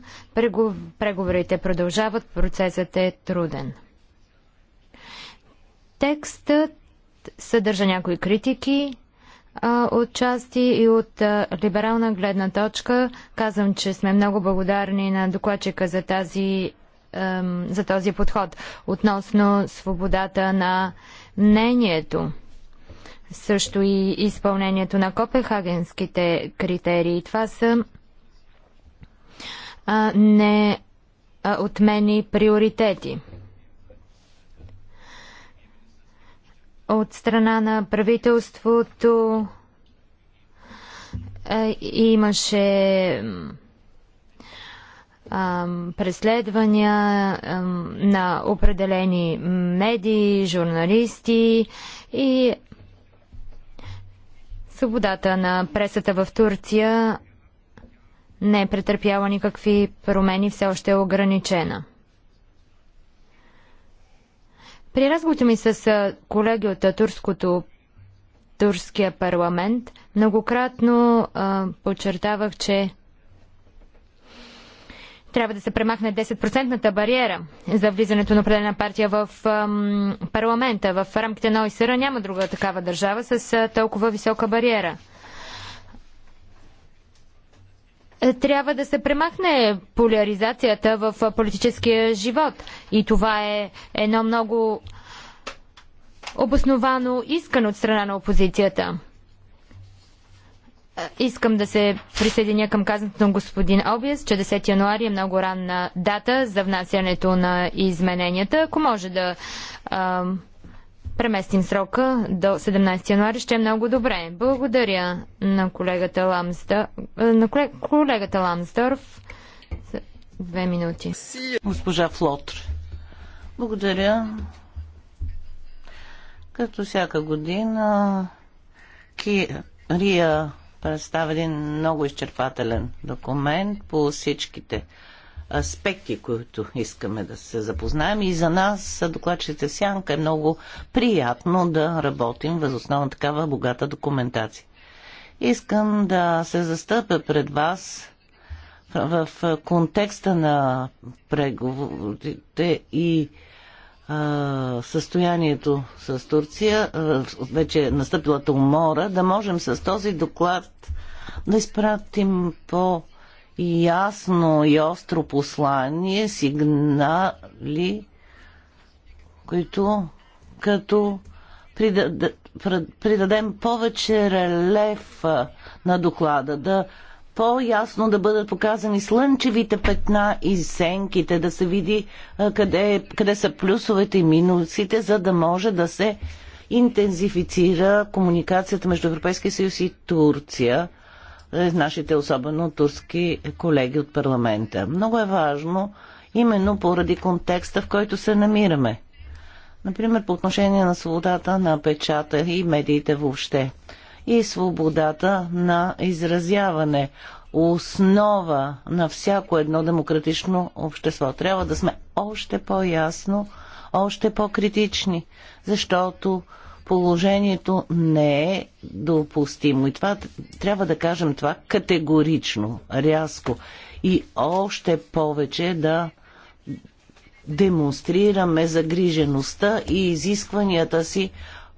Преговорите продължават, процесът е труден. Текстът съдържа някои критики, от части и от либерална гледна точка. Казвам, че сме много благодарни на докладчика за, тази, за този подход относно свободата на мнението. Също и изпълнението на копенхагенските критерии. Това са не отмени приоритети. от страна на правителството е, имаше преследвания на определени медии, журналисти и свободата на пресата в Турция не е претърпяла никакви промени, все още е ограничена. При разговорите ми с колеги от турското, турския парламент, многократно а, подчертавах, че трябва да се премахне 10 бариера за влизането на определена партия в ам, парламента. В рамките на ОИСР няма друга такава държава с а, толкова висока бариера. Е, трябва да се премахне поляризацията в е, политическия живот. И това е едно много обосновано искан от страна на опозицията. Е, искам да се присъединя към казаното на господин Обиес, че 10 януари е много ранна дата за внасянето на измененията. Ако може да ам, преместим срока до 17 януари, ще е много добре. Благодаря на колегата, Ламсда, е, на колегата Ламсдорф. Две минути. Госпожа Флотр. Благодаря. Като всяка година Кирия представи представя един много изчерпателен документ по всичките аспекти, които искаме да се запознаем. И за нас, докладчите Сянка, е много приятно да работим възоснова на такава богата документация. Искам да се застъпя пред вас в, контекста на преговорите и състоянието с Турция, вече е настъпилата умора, да можем с този доклад да изпратим по ясно и остро послание, сигнали, които като придадем повече релеф на доклада, да по-ясно да бъдат показани слънчевите петна и сенките, да се види къде, къде са плюсовете и минусите, за да може да се интензифицира комуникацията между Европейския съюз и Турция е, нашите, особено турски колеги от парламента. Много е важно, именно поради контекста, в който се намираме. Например, по отношение на свободата на печата и медиите въобще. И свободата на изразяване. Основа на всяко едно демократично общество. Трябва да сме още по-ясно, още по-критични, защото положението не е допустимо. И това трябва да кажем това категорично, рязко. И още повече да демонстрираме загрижеността и изискванията си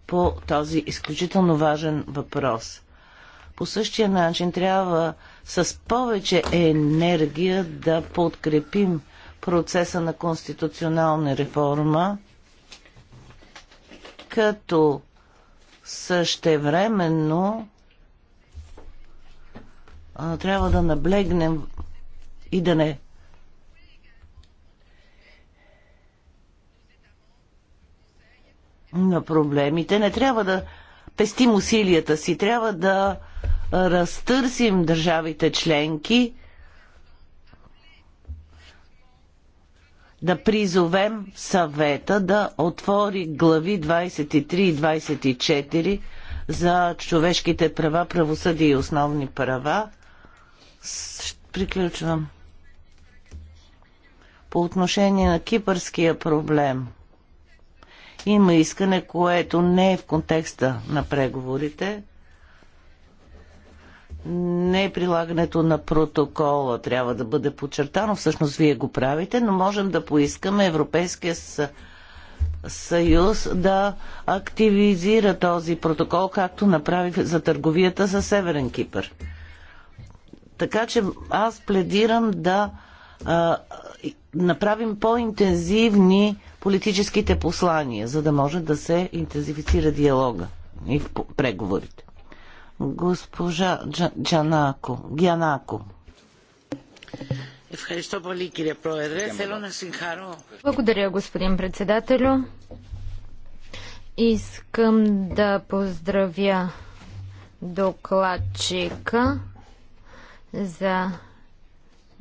по този изключително важен въпрос. По същия начин трябва с повече енергия да подкрепим процеса на конституционална реформа като същевременно а, трябва да наблегнем и да не на проблемите. Не трябва да пестим усилията си, трябва да разтърсим държавите членки да призовем съвета да отвори глави 23 и 24 за човешките права, правосъди и основни права. Приключвам. По отношение на кипърския проблем – има искане, което не е в контекста на преговорите не е прилагането на протокола трябва да бъде подчертано, всъщност вие го правите, но можем да поискаме Европейския съюз да активизира този протокол, както направи за търговията за Северен Кипър. Така че аз пледирам да а, направим по-интензивни политическите послания, за да може да се интензифицира диалога и преговорите. Госпожа Джанако, Гянако. Благодаря, господин председателю. Искам да поздравя докладчика за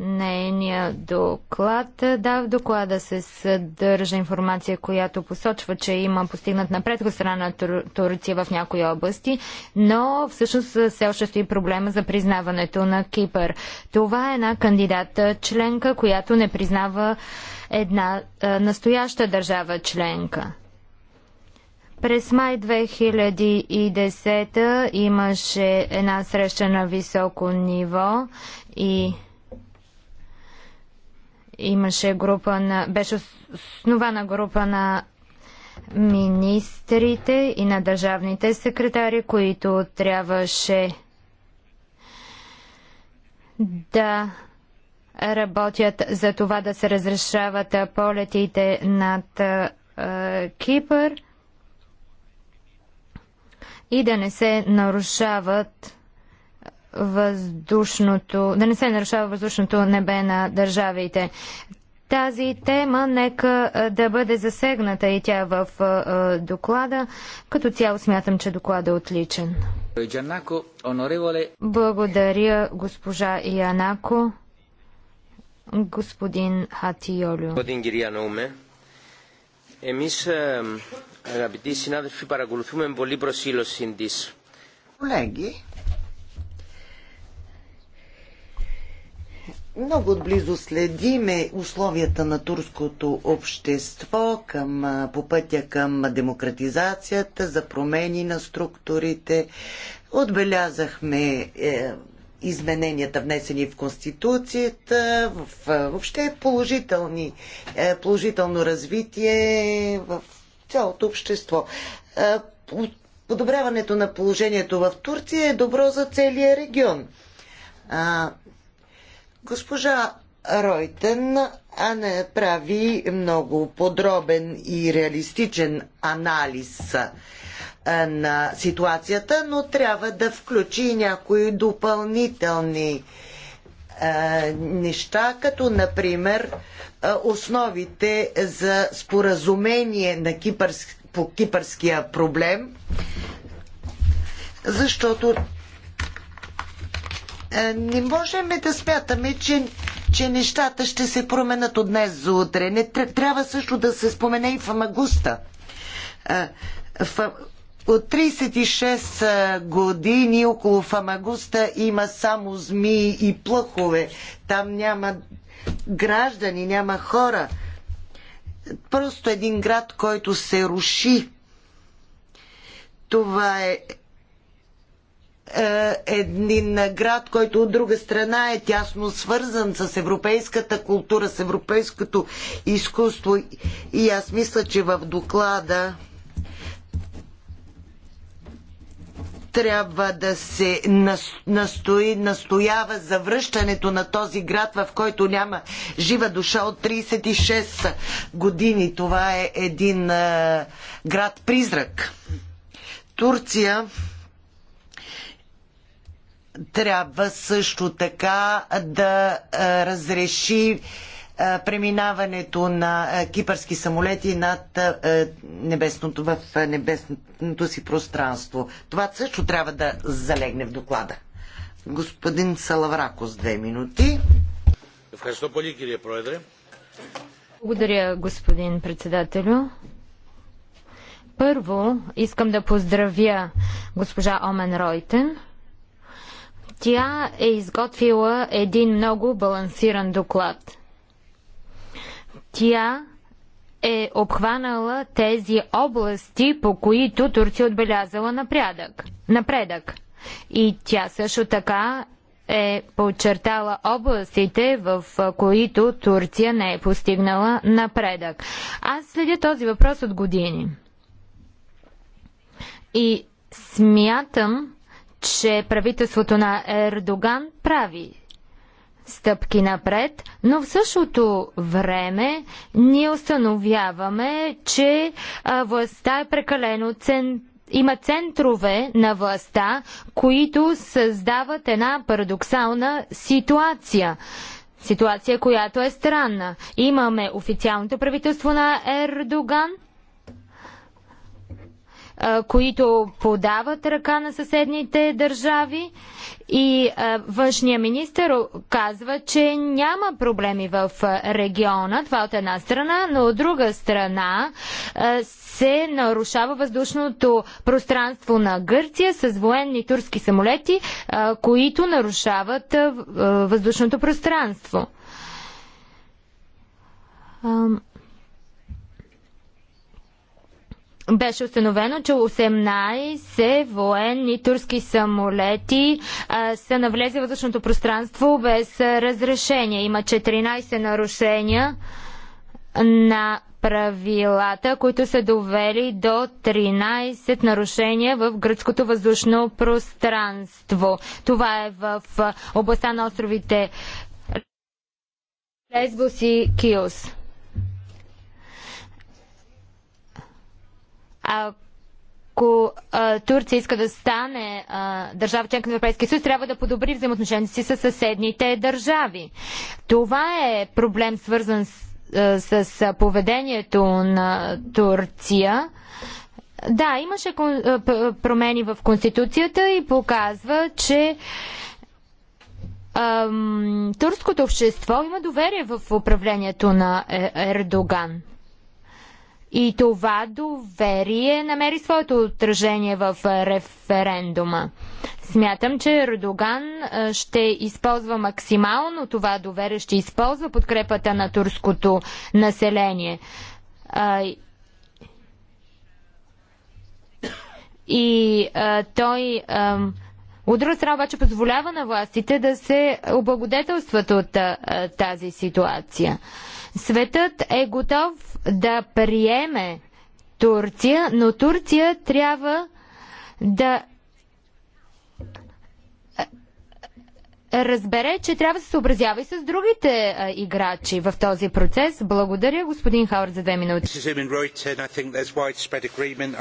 нейния доклад. Да, в доклада се съдържа информация, която посочва, че има постигнат напред от страна на Тур Турция в някои области, но всъщност все още стои проблема за признаването на Кипър. Това е една кандидата членка, която не признава една а, настояща държава членка. През май 2010 имаше една среща на високо ниво и Имаше група на... Беше основана група на министрите и на държавните секретари, които трябваше да работят за това да се разрешават полетите над е, Кипър и да не се нарушават въздушното, да не се нарушава въздушното небе на държавите. Тази тема нека да бъде засегната и тя в доклада. Като цяло смятам, че докладът е отличен. Благодаря, госпожа Янако. Господин Хатиолю. Господин Кирия Ноуме, εμείς, αγαπητοί συνάδελφοι, παρακολουθούμε πολύ προσήλωση Колеги, много отблизо следиме условията на турското общество към, по пътя към демократизацията, за промени на структурите. Отбелязахме е, измененията внесени в Конституцията, в, въобще положителни, е, положително развитие в цялото общество. Е, подобряването на положението в Турция е добро за целия регион. А, Госпожа Ройтен прави много подробен и реалистичен анализ на ситуацията, но трябва да включи и някои допълнителни неща, като например основите за споразумение на Кипърс, по кипърския проблем, защото е, не можем да смятаме, че, че нещата ще се променят от днес за утре. Не, трябва също да се спомене и Фамагуста. Е, от 36 е, години около Фамагуста има само змии и плъхове. Там няма граждани, няма хора. Просто един град, който се руши. Това е е, един град, който от друга страна е тясно свързан с европейската култура, с европейското изкуство. И аз мисля, че в доклада трябва да се настои, настоява за връщането на този град, в който няма жива душа от 36 години. Това е един е, град призрак. Турция трябва също така да разреши преминаването на кипърски самолети над небесното, в небесното си пространство. Това също трябва да залегне в доклада. Господин Салавракос, две минути. Благодаря, господин председателю. Първо искам да поздравя госпожа Омен Ройтен – тя е изготвила един много балансиран доклад. Тя е обхванала тези области, по които Турция отбелязала напредък. напредък. И тя също така е подчертала областите, в които Турция не е постигнала напредък. Аз следя този въпрос от години. И смятам, че правителството на Ердоган прави стъпки напред, но в същото време ние установяваме, че властта е прекалено цен... Има центрове на властта, които създават една парадоксална ситуация. Ситуация, която е странна. Имаме официалното правителство на Ердоган – които подават ръка на съседните държави и външния министр казва, че няма проблеми в региона. Това от една страна, но от друга страна се нарушава въздушното пространство на Гърция с военни турски самолети, които нарушават въздушното пространство. Um... беше установено, че 18 военни турски самолети а, са навлезли в въздушното пространство без разрешение. Има 14 нарушения на правилата, които са довели до 13 нарушения в гръцкото въздушно пространство. Това е в областта на островите Лесбос и Киос. Ако а, Турция иска да стане а, държава членка на Европейския съюз, трябва да подобри взаимоотношенията си с съседните държави. Това е проблем свързан с, а, с поведението на Турция. Да, имаше промени в Конституцията и показва, че турското общество има доверие в управлението на е, Ердоган. И това доверие намери своето отражение в референдума. Смятам, че Ердоган ще използва максимално това доверие, ще използва подкрепата на турското население. И той. От друга страна обаче позволява на властите да се облагодетелстват от тази ситуация. Светът е готов да приеме Турция, но Турция трябва да е, разбере, че трябва да се съобразява и с другите а, е, играчи в този процес. Благодаря, господин Хауърд, за две минути.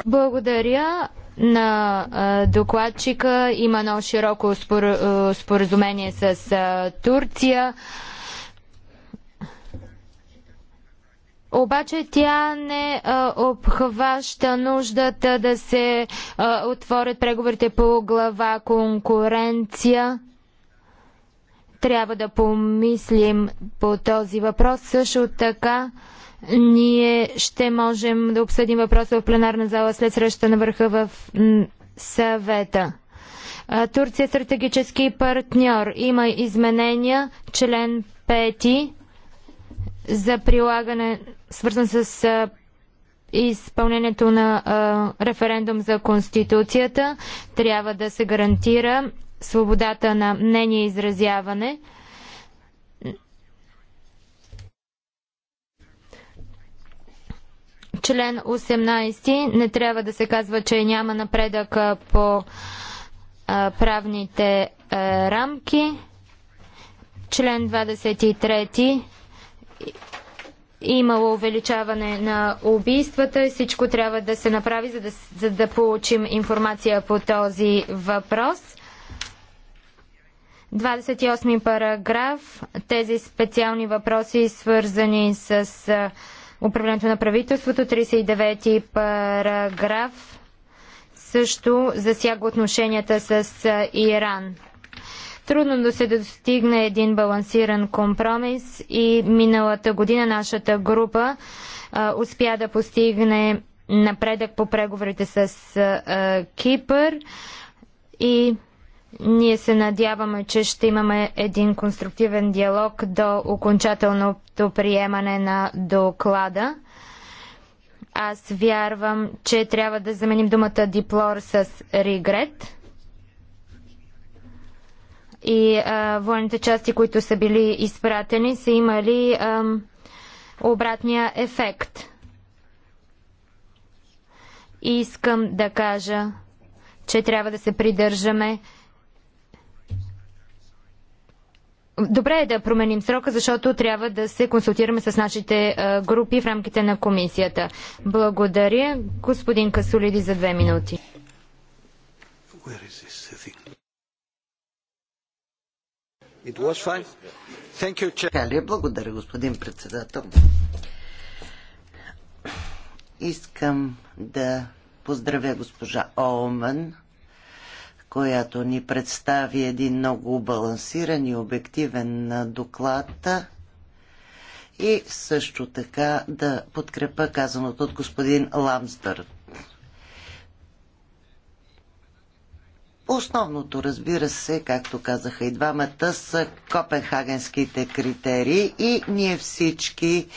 Благодаря на а, е, докладчика. Има едно широко спор, а, споразумение с а, Турция. Обаче тя не а, обхваща нуждата да се а, отворят преговорите по глава конкуренция. Трябва да помислим по този въпрос. Също така ние ще можем да обсъдим въпроса в пленарна зала след среща на върха в съвета. А, Турция е стратегически партньор. Има изменения. Член 5 за прилагане свързан с изпълнението на а, референдум за Конституцията. Трябва да се гарантира свободата на мнение и изразяване. Член 18 не трябва да се казва, че няма напредък по а, правните а, рамки. Член 23 имало увеличаване на убийствата и всичко трябва да се направи, за да, за да получим информация по този въпрос. 28 параграф. Тези специални въпроси, свързани с управлението на правителството. 39 параграф също засяга отношенията с Иран. Трудно да се достигне един балансиран компромис и миналата година нашата група а, успя да постигне напредък по преговорите с а, Кипър и ние се надяваме, че ще имаме един конструктивен диалог до окончателното приемане на доклада. Аз вярвам, че трябва да заменим думата диплор с регрет и а, военните части, които са били изпратени, са имали а, обратния ефект. И искам да кажа, че трябва да се придържаме. Добре е да променим срока, защото трябва да се консултираме с нашите групи в рамките на комисията. Благодаря, господин Касолиди, за две минути. Where is You, Благодаря, господин председател. Искам да поздравя госпожа Олман, която ни представи един много балансиран и обективен доклад и също така да подкрепа казаното от господин Ламсдърт. Основното, разбира се, както казаха и двамата, са копенхагенските критерии и ние всички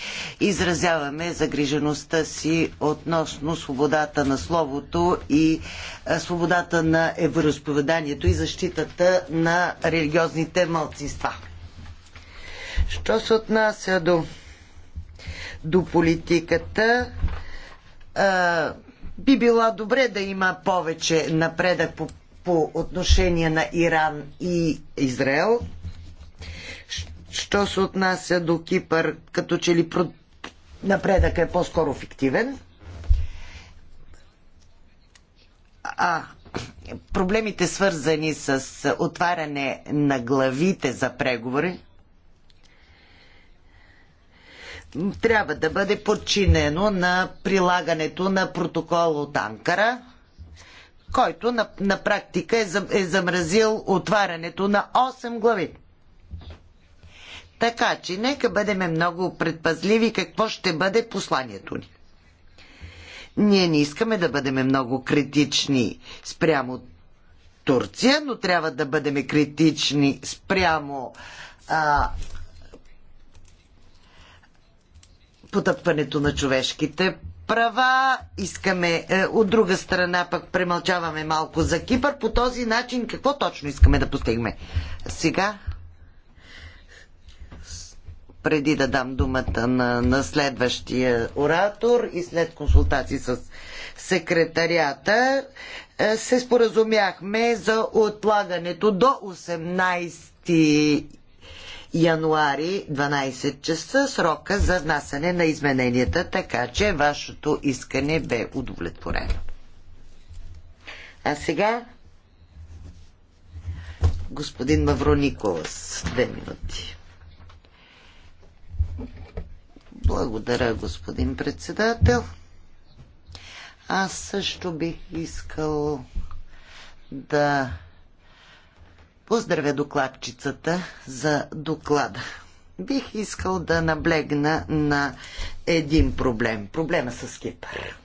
изразяваме загрижеността си относно свободата на словото и свободата на евроразповеданието и защитата на религиозните малцинства. Що се отнася до, до политиката, а, би било добре да има повече напредък по по отношение на Иран и Израел. Що се отнася до Кипър, като че ли напредък е по-скоро фиктивен. А проблемите свързани с отваряне на главите за преговори, трябва да бъде подчинено на прилагането на протокол от Анкара който на, на практика е, е замразил отварянето на 8 глави. Така че, нека бъдем много предпазливи какво ще бъде посланието ни. Ние не искаме да бъдем много критични спрямо Турция, но трябва да бъдем критични спрямо а, потъпването на човешките права, искаме е, от друга страна пък премълчаваме малко за Кипър. По този начин какво точно искаме да постигме? Сега, преди да дам думата на, на следващия оратор и след консултации с секретарията, е, се споразумяхме за отлагането до 18 януари 12 часа срока за внасяне на измененията, така че вашето искане бе удовлетворено. А сега господин Мавроникос, две минути. Благодаря, господин председател. Аз също бих искал да поздравя докладчицата за доклада. Бих искал да наблегна на един проблем. Проблема с Кипър.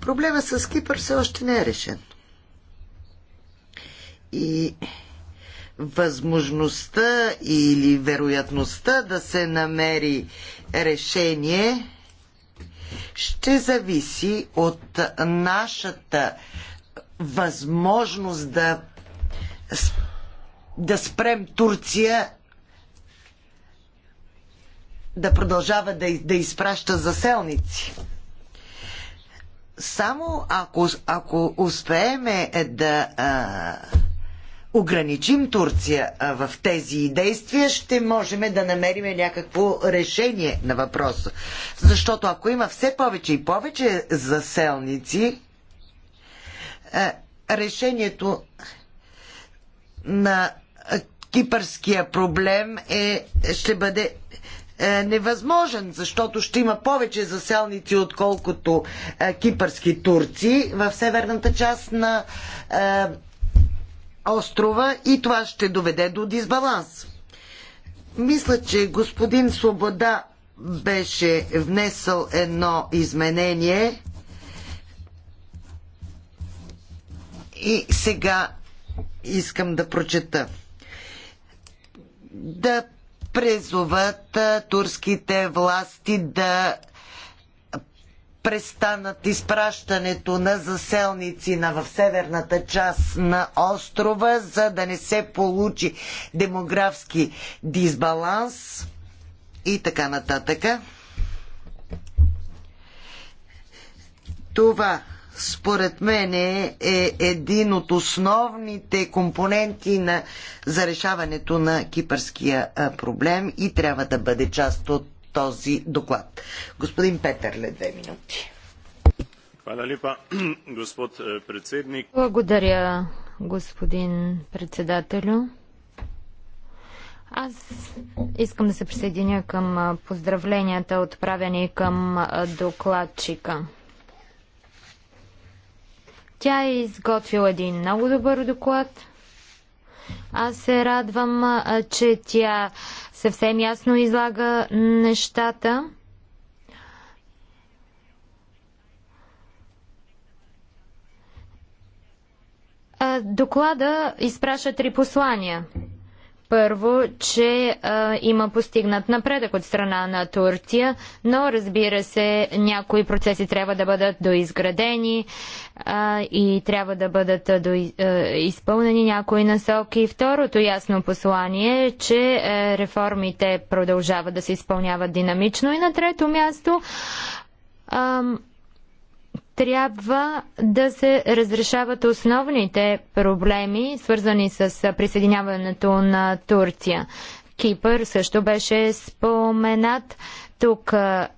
Проблема с Кипър все още не е решен. И възможността или вероятността да се намери решение ще зависи от нашата възможност да да спрем Турция да продължава да, да изпраща заселници. Само ако, ако успееме е, да а, ограничим Турция а, в тези действия, ще можем да намерим някакво решение на въпроса. Защото ако има все повече и повече заселници, а, решението на кипърския проблем е, ще бъде е, невъзможен, защото ще има повече заселници, отколкото е, кипърски турци в северната част на е, острова и това ще доведе до дисбаланс. Мисля, че господин Свобода беше внесъл едно изменение и сега искам да прочета. Да презоват турските власти да престанат изпращането на заселници на в северната част на острова, за да не се получи демографски дисбаланс и така нататък. Това според мен е, е един от основните компоненти на, за решаването на кипърския проблем и трябва да бъде част от този доклад. Господин Петърле, две минути. Е, Благодаря, господин председателю. Аз искам да се присъединя към поздравленията, отправени към докладчика. Тя е изготвила един много добър доклад. Аз се радвам, че тя съвсем ясно излага нещата. Доклада изпраща три послания. Първо, че а, има постигнат напредък от страна на Турция, но разбира се, някои процеси трябва да бъдат доизградени а, и трябва да бъдат до, а, изпълнени някои насоки. Второто ясно послание е, че а, реформите продължават да се изпълняват динамично. И на трето място, а, трябва да се разрешават основните проблеми, свързани с присъединяването на Турция. Кипър също беше споменат. Тук а,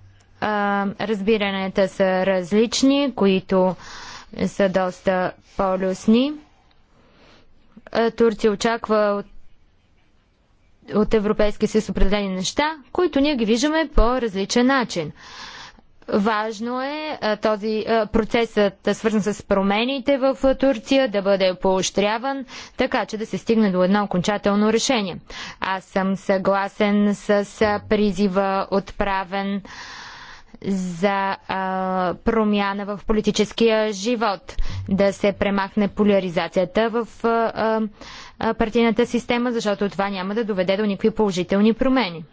разбиранията са различни, които са доста по Турция очаква от, от Европейския съюз определени неща, които ние ги виждаме по различен начин. Важно е този процесът, свързан с промените в Турция, да бъде поощряван, така че да се стигне до едно окончателно решение. Аз съм съгласен с призива отправен за а, промяна в политическия живот, да се премахне поляризацията в а, а, партийната система, защото това няма да доведе до никакви положителни промени.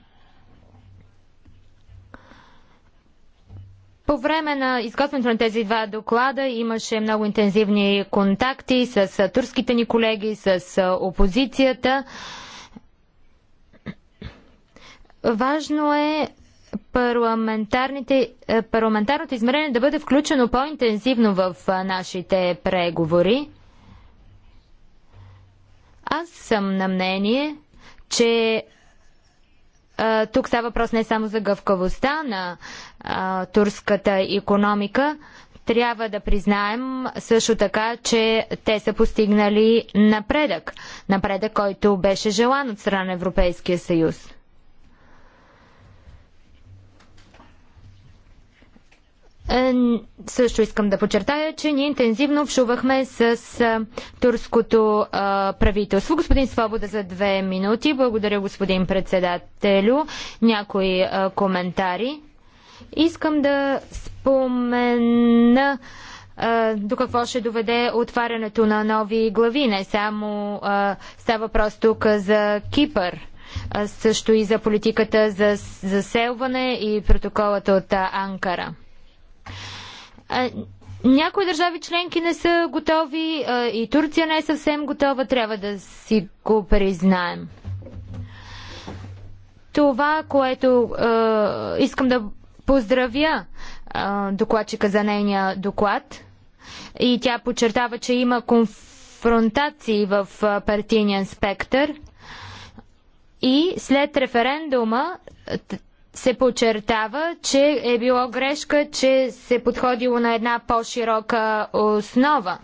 По време на изготвянето на тези два доклада имаше много интензивни контакти с турските ни колеги, с опозицията. Важно е, е парламентарното измерение да бъде включено по-интензивно в нашите преговори. Аз съм на мнение, че тук става въпрос не само за гъвкавостта на а, турската економика. Трябва да признаем също така, че те са постигнали напредък. Напредък, който беше желан от страна на Европейския съюз. Е, също искам да подчертая, че ние интензивно общувахме с е, турското е, правителство. Господин Свобода за две минути. Благодаря, господин председателю. Някои коментари. Искам да спомена до какво ще доведе отварянето на нови глави. Не само става въпрос тук за Кипър също и за политиката за заселване и протоколът от Анкара. Някои държави членки не са готови и Турция не е съвсем готова, трябва да си го признаем. Това, което е, искам да поздравя е, докладчика за нейния доклад и тя подчертава, че има конфронтации в партийния спектър и след референдума се подчертава, че е било грешка, че се подходило на една по-широка основа.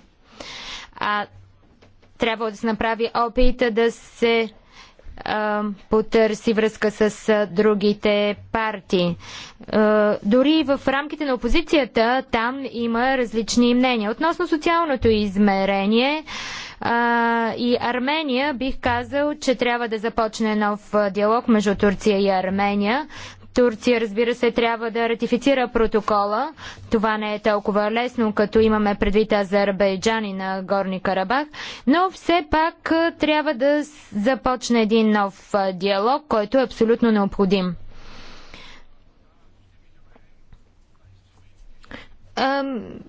А трябва да се направи опит да се а, потърси връзка с а, другите партии. А, дори в рамките на опозицията там има различни мнения. Относно социалното измерение, и Армения, бих казал, че трябва да започне нов диалог между Турция и Армения. Турция, разбира се, трябва да ратифицира протокола. Това не е толкова лесно, като имаме предвид Азербайджан и на Горни Карабах, но все пак трябва да започне един нов диалог, който е абсолютно необходим.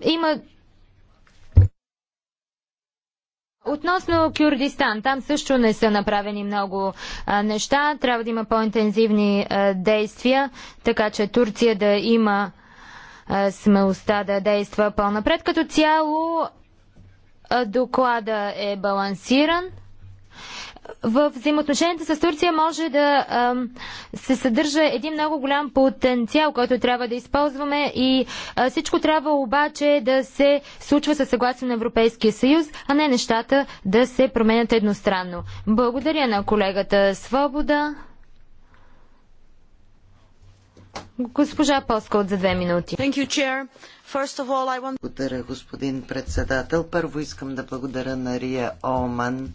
Има Относно Кюрдистан, там също не са направени много а, неща. Трябва да има по-интензивни действия, така че Турция да има а, смелостта да действа по-напред. Като цяло а, доклада е балансиран в взаимоотношенията с Турция може да а, се съдържа един много голям потенциал, който трябва да използваме и а, всичко трябва обаче да се случва със съгласие на Европейския съюз, а не нещата да се променят едностранно. Благодаря на колегата Свобода. Госпожа от за две минути. Благодаря, господин председател. Първо искам да благодаря на Рия Олман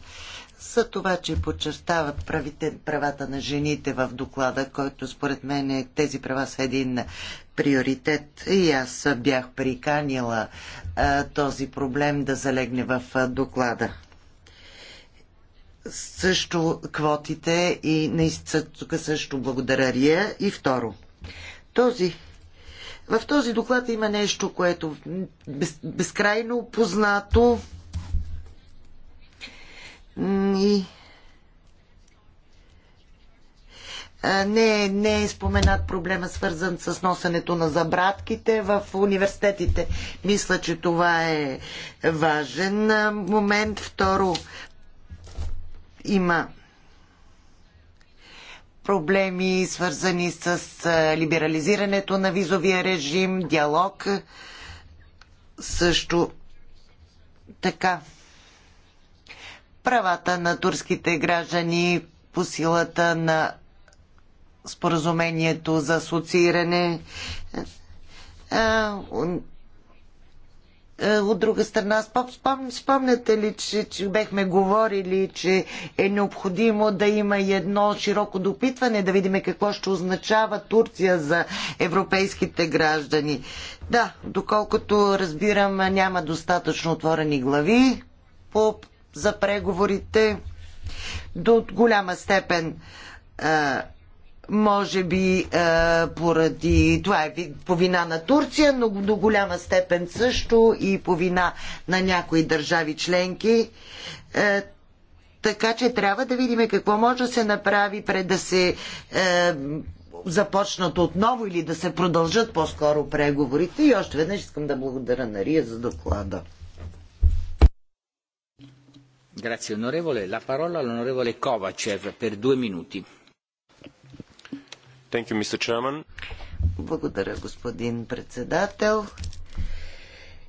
за това, че подчертават правите, правата на жените в доклада, който според мен е, тези права са един приоритет. И аз бях приканила а, този проблем да залегне в а, доклада. Също квотите и наистина тук също благодаря И второ, този в този доклад има нещо, което без, безкрайно познато, и не, не е споменат проблема, свързан с носенето на забратките в университетите. Мисля, че това е важен момент. Второ, има проблеми, свързани с либерализирането на визовия режим, диалог. Също така правата на турските граждани по силата на споразумението за асоцииране. От друга страна, спомняте ли, че, че бехме говорили, че е необходимо да има едно широко допитване, да видим какво ще означава Турция за европейските граждани. Да, доколкото разбирам, няма достатъчно отворени глави по за преговорите до голяма степен може би поради това е по вина на Турция, но до голяма степен също и по вина на някои държави членки. така че трябва да видим какво може да се направи пред да се започнат отново или да се продължат по-скоро преговорите. И още веднъж искам да благодаря на Рия за доклада. Grazie onorevole. La parola all'onorevole Kovacev per due minuti. Thank you, Mr. Chairman. Благодаря, господин председател.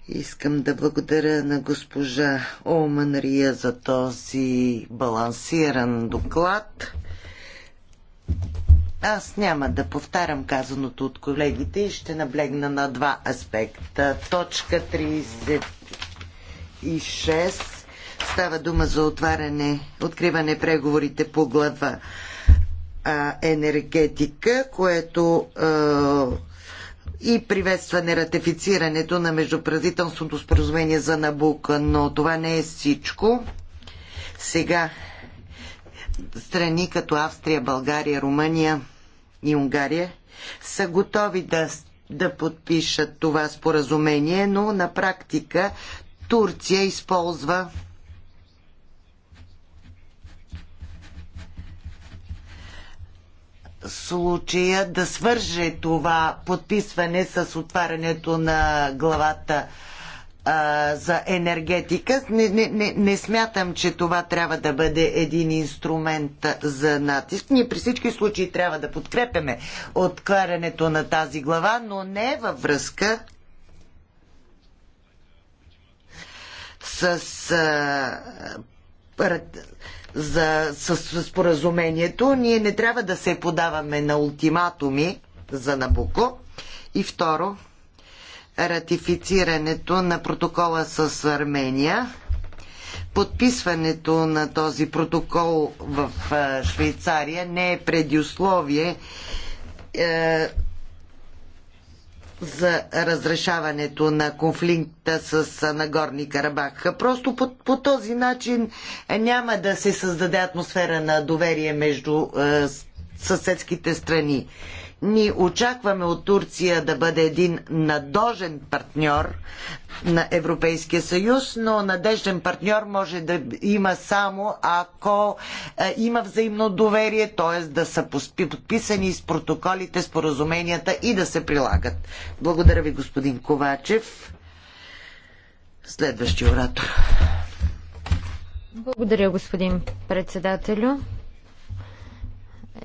Искам да благодаря на госпожа Олман Рия за този балансиран доклад. Аз няма да повтарям казаното от колегите и ще наблегна на два аспекта. Точка 36 Става дума за отваряне, откриване преговорите по глава а, енергетика, което а, и приветства нератифицирането на междуправителственото споразумение за Набука, но това не е всичко. Сега страни като Австрия, България, Румъния и Унгария са готови да, да подпишат това споразумение, но на практика Турция използва случая да свърже това подписване с отварянето на главата а, за енергетика. Не, не, не, не смятам, че това трябва да бъде един инструмент за натиск. Ние при всички случаи трябва да подкрепяме отварянето на тази глава, но не във връзка с а, за споразумението. Ние не трябва да се подаваме на ултиматуми за Набуко. И второ, ратифицирането на протокола с Армения. Подписването на този протокол в Швейцария не е предисловие е, за разрешаването на конфликта с Нагорни Карабах. Просто по, по този начин няма да се създаде атмосфера на доверие между съседските страни ни очакваме от Турция да бъде един надожен партньор на Европейския съюз, но надежден партньор може да има само ако е, има взаимно доверие, т.е. да са подписани с протоколите, споразуменията и да се прилагат. Благодаря ви, господин Ковачев. Следващия оратор. Благодаря, господин председателю.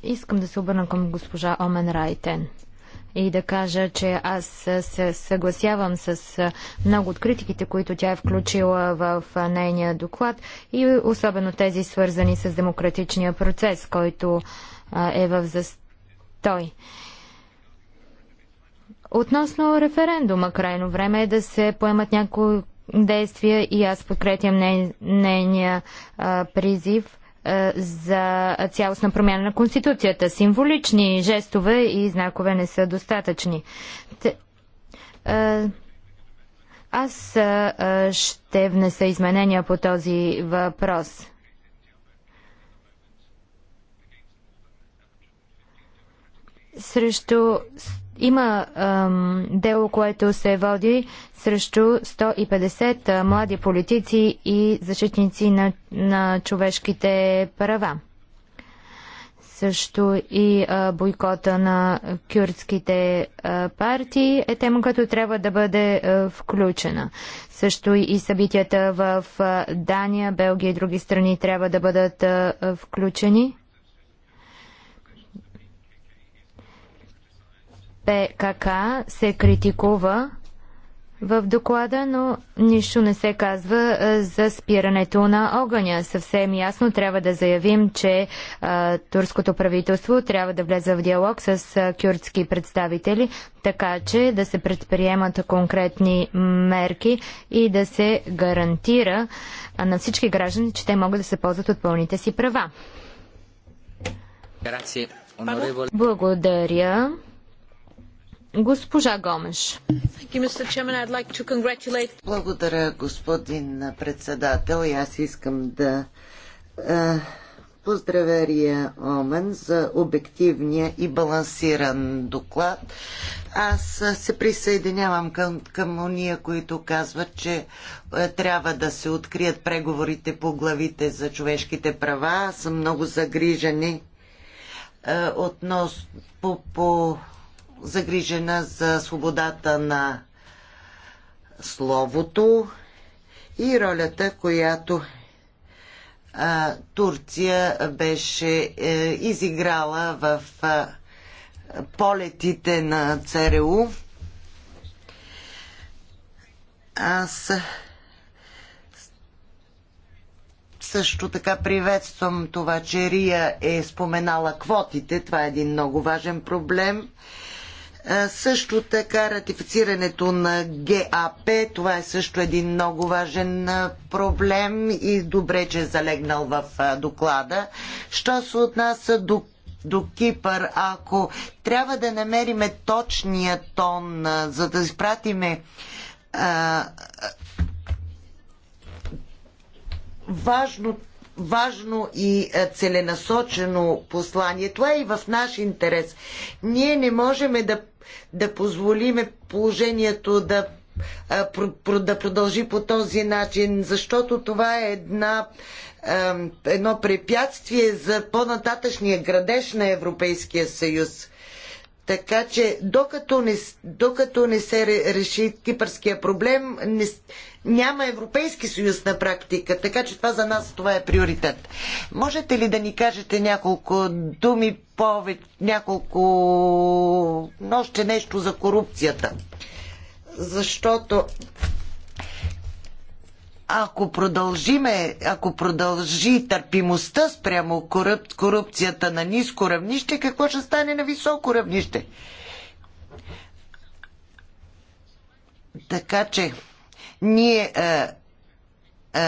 Искам да се обърна към госпожа Омен Райтен и да кажа, че аз се съгласявам с много от критиките, които тя е включила в нейния доклад и особено тези свързани с демократичния процес, който е в застой. Относно референдума, крайно време е да се поемат някои действия и аз подкрепям нейния призив – е, за цялостна промяна на Конституцията. Символични жестове и знакове не са достатъчни. Е, аз е, ще внеса изменения по този въпрос. Срещу има ам, дело, което се води срещу 150 млади политици и защитници на, на човешките права. Също и а, бойкота на кюрдските а, партии е тема, която трябва да бъде а, включена. Също и събитията в а, Дания, Белгия и други страни трябва да бъдат а, включени. ПКК се критикува в доклада, но нищо не се казва за спирането на огъня. Съвсем ясно трябва да заявим, че а, турското правителство трябва да влезе в диалог с а, кюрдски представители, така че да се предприемат конкретни мерки и да се гарантира а, на всички граждани, че те могат да се ползват от пълните си права. Благодаря. Госпожа Гомеш. Благодаря, господин председател. И аз искам да е, поздравя Рия Омен за обективния и балансиран доклад. Аз се присъединявам към, към уния, които казват, че е, трябва да се открият преговорите по главите за човешките права. Съм много загрижени е, относно по, по загрижена за свободата на словото и ролята, която а, Турция беше е, изиграла в а, полетите на ЦРУ. Аз също така приветствам това, че Рия е споменала квотите. Това е един много важен проблем. А, също така ратифицирането на ГАП, това е също един много важен проблем и добре, че е залегнал в доклада. Що се отнася до до Кипър, ако трябва да намериме точния тон, за да изпратиме важно, важно и целенасочено послание. Това е и в наш интерес. Ние не можем да да позволиме положението да да продължи по този начин, защото това е една, едно препятствие за по-нататъчния градеж на Европейския съюз. Така че, докато не, докато не се реши кипърския проблем, не, няма Европейски съюз на практика, така че това за нас това е приоритет. Можете ли да ни кажете няколко думи повече, няколко още нещо за корупцията? Защото ако продължиме, ако продължи търпимостта спрямо коруп, корупцията на ниско равнище, какво ще стане на високо равнище? Така че ние а, е, а,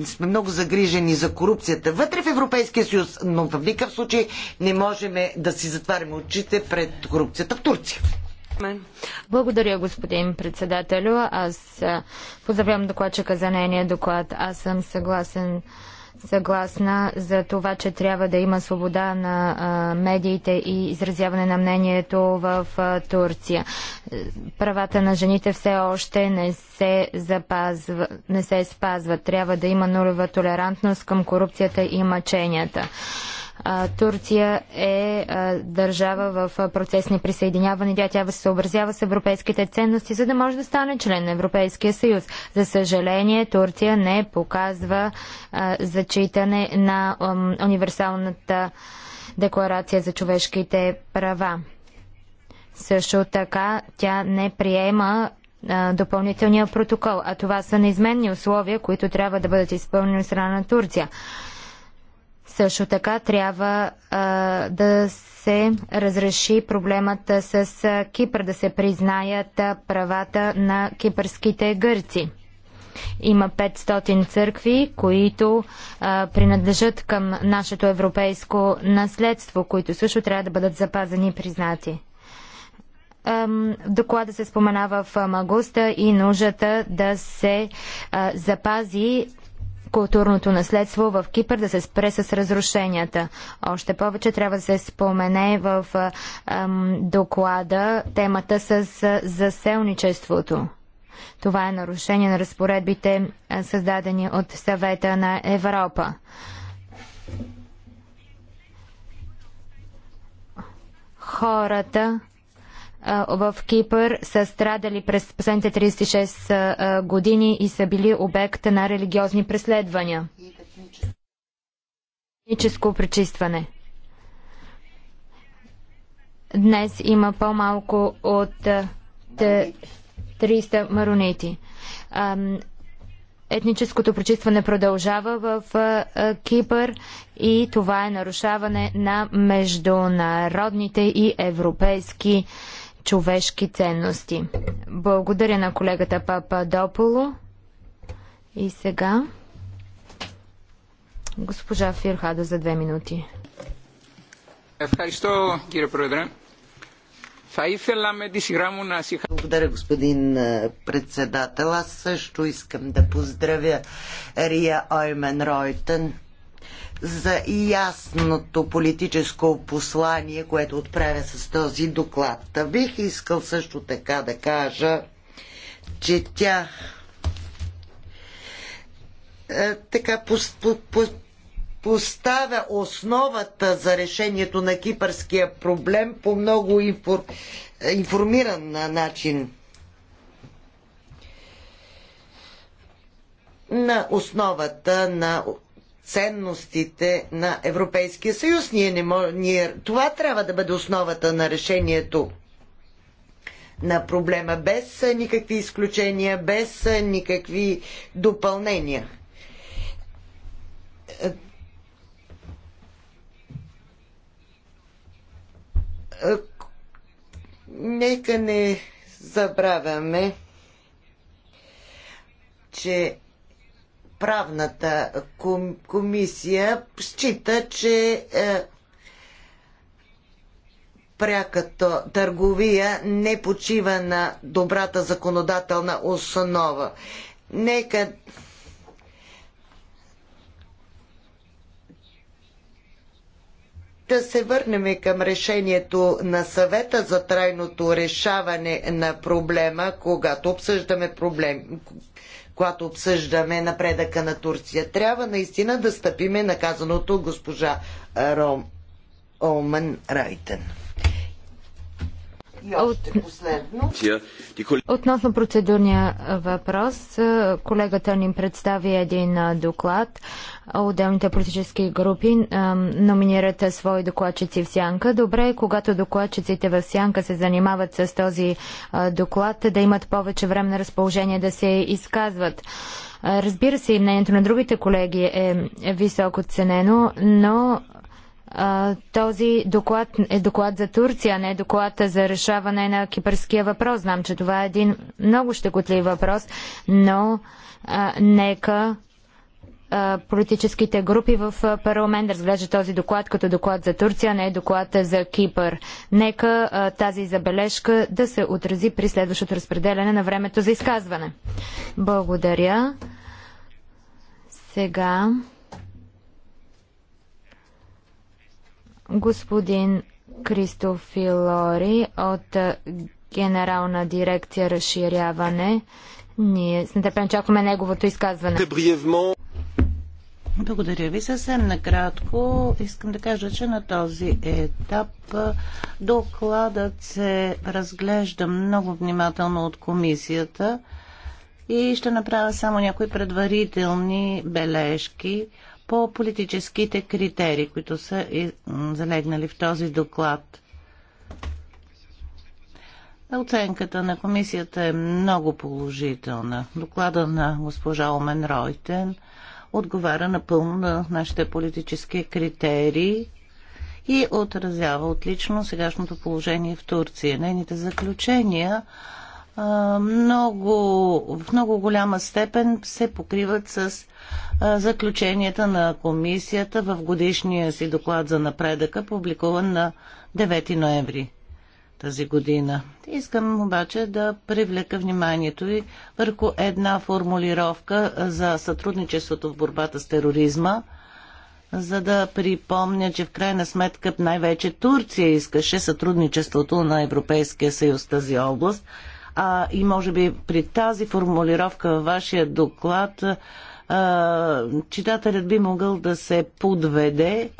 е, сме много загрижени за корупцията вътре в Европейския съюз, но в никакъв случай не можем да си затваряме очите пред корупцията в Турция. Благодаря, господин председателю. Аз е, поздравявам докладчика за нейния доклад. Аз съм съгласен съгласна за това, че трябва да има свобода на а, медиите и изразяване на мнението в а, Турция. Правата на жените все още не се, запазва, не се спазват. Трябва да има нулева толерантност към корупцията и мъченията. Турция е държава в процес на присъединяване. Тя трябва да се съобразява с европейските ценности, за да може да стане член на Европейския съюз. За съжаление, Турция не показва зачитане на универсалната декларация за човешките права. Също така тя не приема допълнителния протокол, а това са неизменни условия, които трябва да бъдат изпълнени от страна на Турция. Също така трябва а, да се разреши проблемът с Кипър, да се признаят правата на кипърските гърци. Има 500 църкви, които а, принадлежат към нашето европейско наследство, които също трябва да бъдат запазени и признати. доклада се споменава в Магуста и нуждата да се а, запази културното наследство в Кипър да се спре с разрушенията. Още повече трябва да се спомене в ем, доклада темата с заселничеството. Това е нарушение на разпоредбите, създадени от съвета на Европа. Хората в Кипър са страдали през последните 36 години и са били обект на религиозни преследвания. Етническо пречистване. Днес има по-малко от 300 марунети. Етническото прочистване продължава в Кипър и това е нарушаване на международните и европейски човешки ценности. Благодаря на колегата Папа Дополо. И сега госпожа Фирхада за две минути. Благодаря, господин председател. Аз също искам да поздравя Рия Оймен Ройтен за ясното политическо послание, което отправя с този доклад. Та бих искал също така да кажа, че тя е, така по, по, по, поставя основата за решението на кипърския проблем по много инфор, информиран начин. На основата на ценностите на Европейския съюз. Ние не мож... ние... Това трябва да бъде основата на решението на проблема, без никакви изключения, без никакви допълнения. Нека не забравяме, че правната комисия счита, че е, пряката търговия не почива на добрата законодателна основа. Нека да се върнем към решението на съвета за трайното решаване на проблема, когато обсъждаме проблем, когато обсъждаме напредъка на Турция. Трябва наистина да стъпиме на казаното госпожа Ром Олман Райтен. От... Относно процедурния въпрос, колегата ни представи един доклад. Отделните политически групи номинират свои докладчици в сянка. Добре е, когато докладчиците в сянка се занимават с този доклад, да имат повече време на разположение да се изказват. Разбира се, и мнението на другите колеги е, е високо ценено, но този доклад е доклад за Турция, а не е доклад за решаване на кипърския въпрос. Знам, че това е един много щекотлив въпрос, но а, нека а, политическите групи в парламент разглеждат този доклад като доклад за Турция, а не доклад за Кипър. Нека а, тази забележка да се отрази при следващото разпределяне на времето за изказване. Благодаря. Сега. господин Филори от Генерална дирекция разширяване. Ние с нетърпение чакаме неговото изказване. Благодаря ви. Съвсем накратко искам да кажа, че на този етап докладът се разглежда много внимателно от комисията и ще направя само някои предварителни бележки по политическите критерии, които са залегнали в този доклад. Оценката на комисията е много положителна. Доклада на госпожа Омен Ройтен отговаря напълно на нашите политически критерии и отразява отлично сегашното положение в Турция. Нейните заключения много, в много голяма степен се покриват с заключенията на комисията в годишния си доклад за напредъка, публикуван на 9 ноември тази година. Искам обаче да привлека вниманието ви върху една формулировка за сътрудничеството в борбата с тероризма, за да припомня, че в крайна сметка най-вече Турция искаше сътрудничеството на Европейския съюз в тази област – а, и може би при тази формулировка във вашия доклад а, читателят би могъл да се подведе,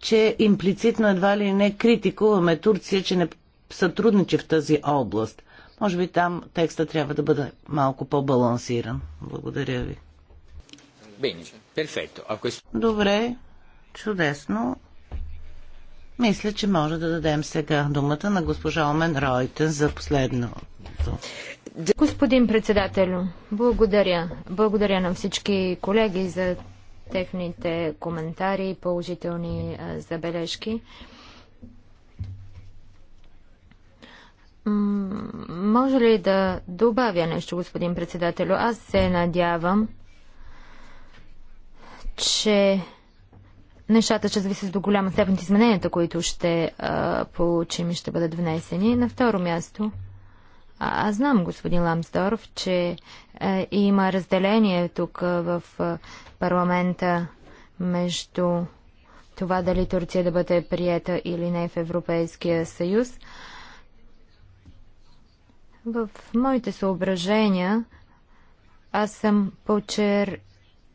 че имплицитно едва ли не критикуваме Турция, че не сътрудничи в тази област. Може би там текста трябва да бъде малко по-балансиран. Благодаря ви. Добре, чудесно. Мисля, че може да дадем сега думата на госпожа Омен Ройтен за последно. Господин председател, благодаря. Благодаря на всички колеги за техните коментари и положителни забележки. може ли да добавя нещо, господин председател? Аз се надявам, че нещата ще зависят до голяма степен от измененията, които ще а, получим и ще бъдат внесени. На второ място, а, аз знам, господин Ламсдорф, че а, има разделение тук а, в а, парламента между това дали Турция да бъде приета или не в Европейския съюз. В моите съображения аз съм почер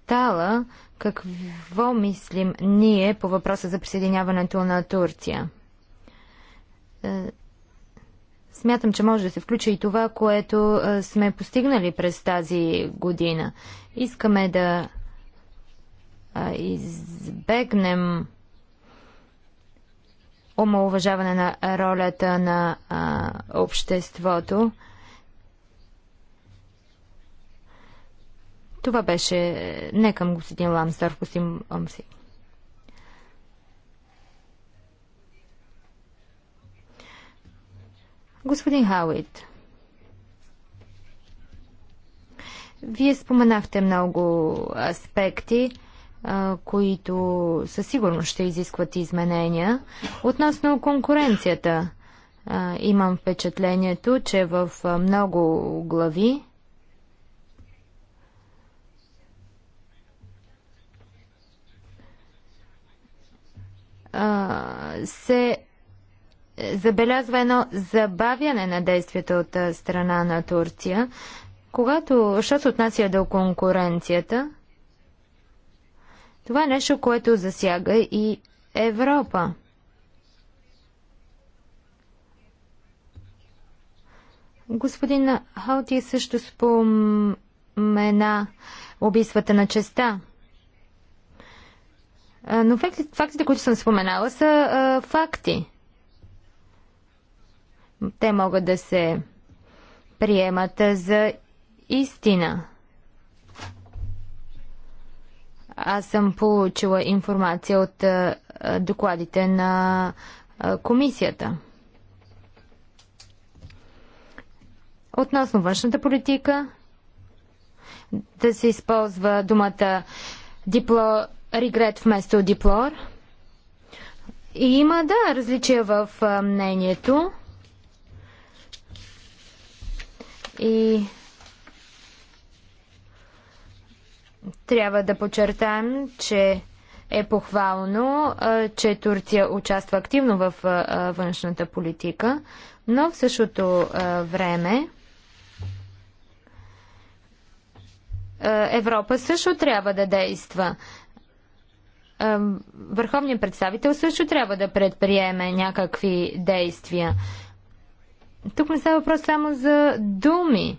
квартала какво мислим ние по въпроса за присъединяването на Турция. Е, смятам, че може да се включи и това, което е, сме постигнали през тази година. Искаме да е, избегнем омалуважаване на ролята на обществото. Това беше не към господин Ламстър, господин Омси. Господин Хауит, вие споменахте много аспекти, които със сигурност ще изискват изменения. Относно конкуренцията, имам впечатлението, че в много глави се е, забелязва едно забавяне на действията от страна на Турция. Когато, що се отнася до конкуренцията, това е нещо, което засяга и Европа. Господин Халти също спомена убийствата на честа. Но фактите, които съм споменала, са а, факти. Те могат да се приемат за истина. Аз съм получила информация от а, докладите на а, комисията. Относно външната политика, да се използва думата дипло регрет вместо диплор. И има, да, различия в а, мнението. И трябва да подчертаем, че е похвално, а, че Турция участва активно в а, външната политика, но в същото време Европа също трябва да действа върховният представител също трябва да предприеме някакви действия. Тук не става въпрос само за думи.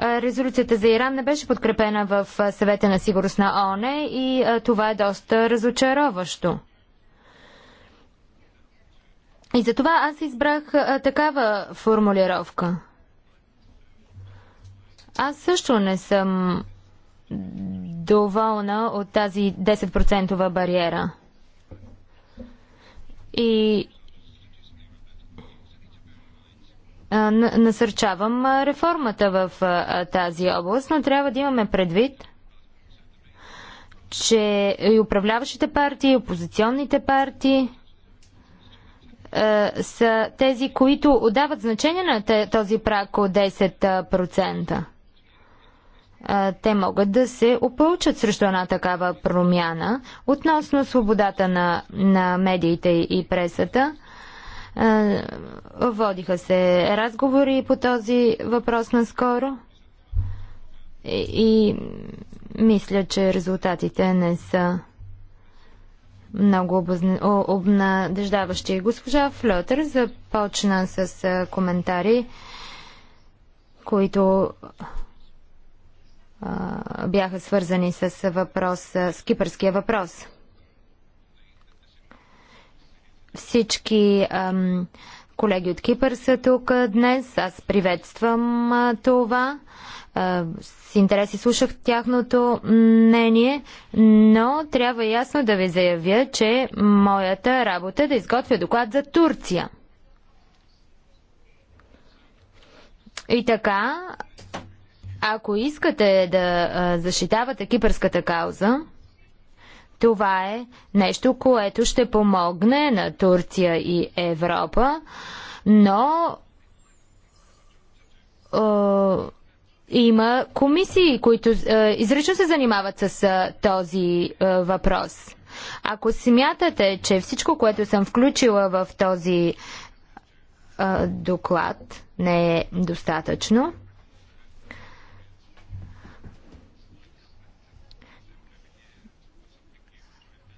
Резолюцията за Иран не беше подкрепена в съвета на сигурност на ОНЕ и това е доста разочароващо. И затова аз избрах такава формулировка. Аз също не съм доволна от тази 10% бариера. И насърчавам реформата в тази област, но трябва да имаме предвид, че и управляващите партии, и опозиционните партии са тези, които отдават значение на този прак от 10% те могат да се опълчат срещу една такава промяна относно свободата на, на медиите и пресата. Водиха се разговори по този въпрос наскоро и, и мисля, че резултатите не са много обозна... обнадеждаващи. Госпожа Флотър започна с коментари, които бяха свързани с, въпрос, с кипърския въпрос. Всички ам, колеги от Кипър са тук днес. Аз приветствам а, това. А, с интерес и слушах тяхното мнение, но трябва ясно да ви заявя, че моята работа е да изготвя доклад за Турция. И така, ако искате да защитавате кипърската кауза, това е нещо, което ще помогне на Турция и Европа, но е, има комисии, които е, изрично се занимават с е, този е, въпрос. Ако смятате, че всичко, което съм включила в този е, доклад, не е достатъчно,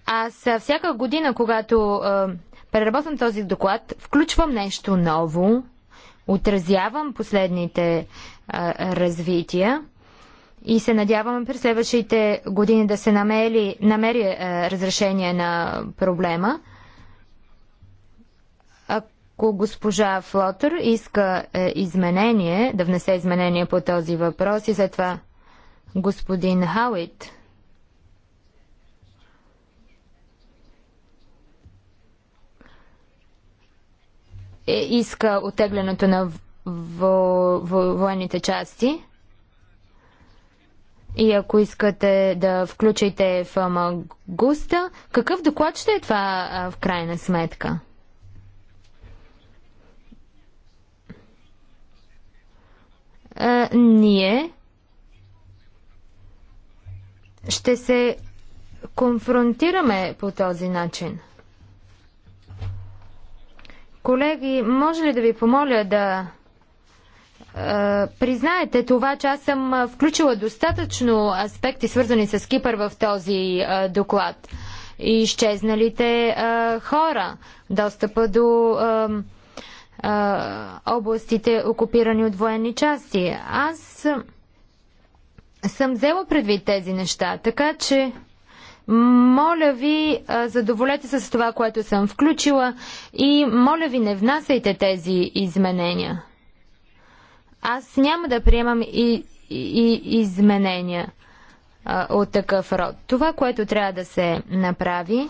Аз всяка година, когато а, преработвам този доклад, включвам нещо ново, отразявам последните а, развития и се надявам, през следващите години да се намери, намери а, разрешение на проблема. Ако госпожа Флотър иска е, изменение, да внесе изменение по този въпрос и след това господин Хауит Е, иска отеглянето на во, во, военните части. И ако искате да включите в Магуста, какъв доклад ще е това а, в крайна сметка? А, ние ще се конфронтираме по този начин. Колеги, може ли да ви помоля да признаете това, че аз съм включила достатъчно аспекти, свързани с Кипър в този а, доклад. И изчезналите а, хора, достъпа до а, областите, окупирани от военни части. Аз съм взела предвид тези неща, така че моля ви, задоволете се с това, което съм включила и моля ви, не внасяйте тези изменения. Аз няма да приемам и, и изменения а, от такъв род. Това, което трябва да се направи,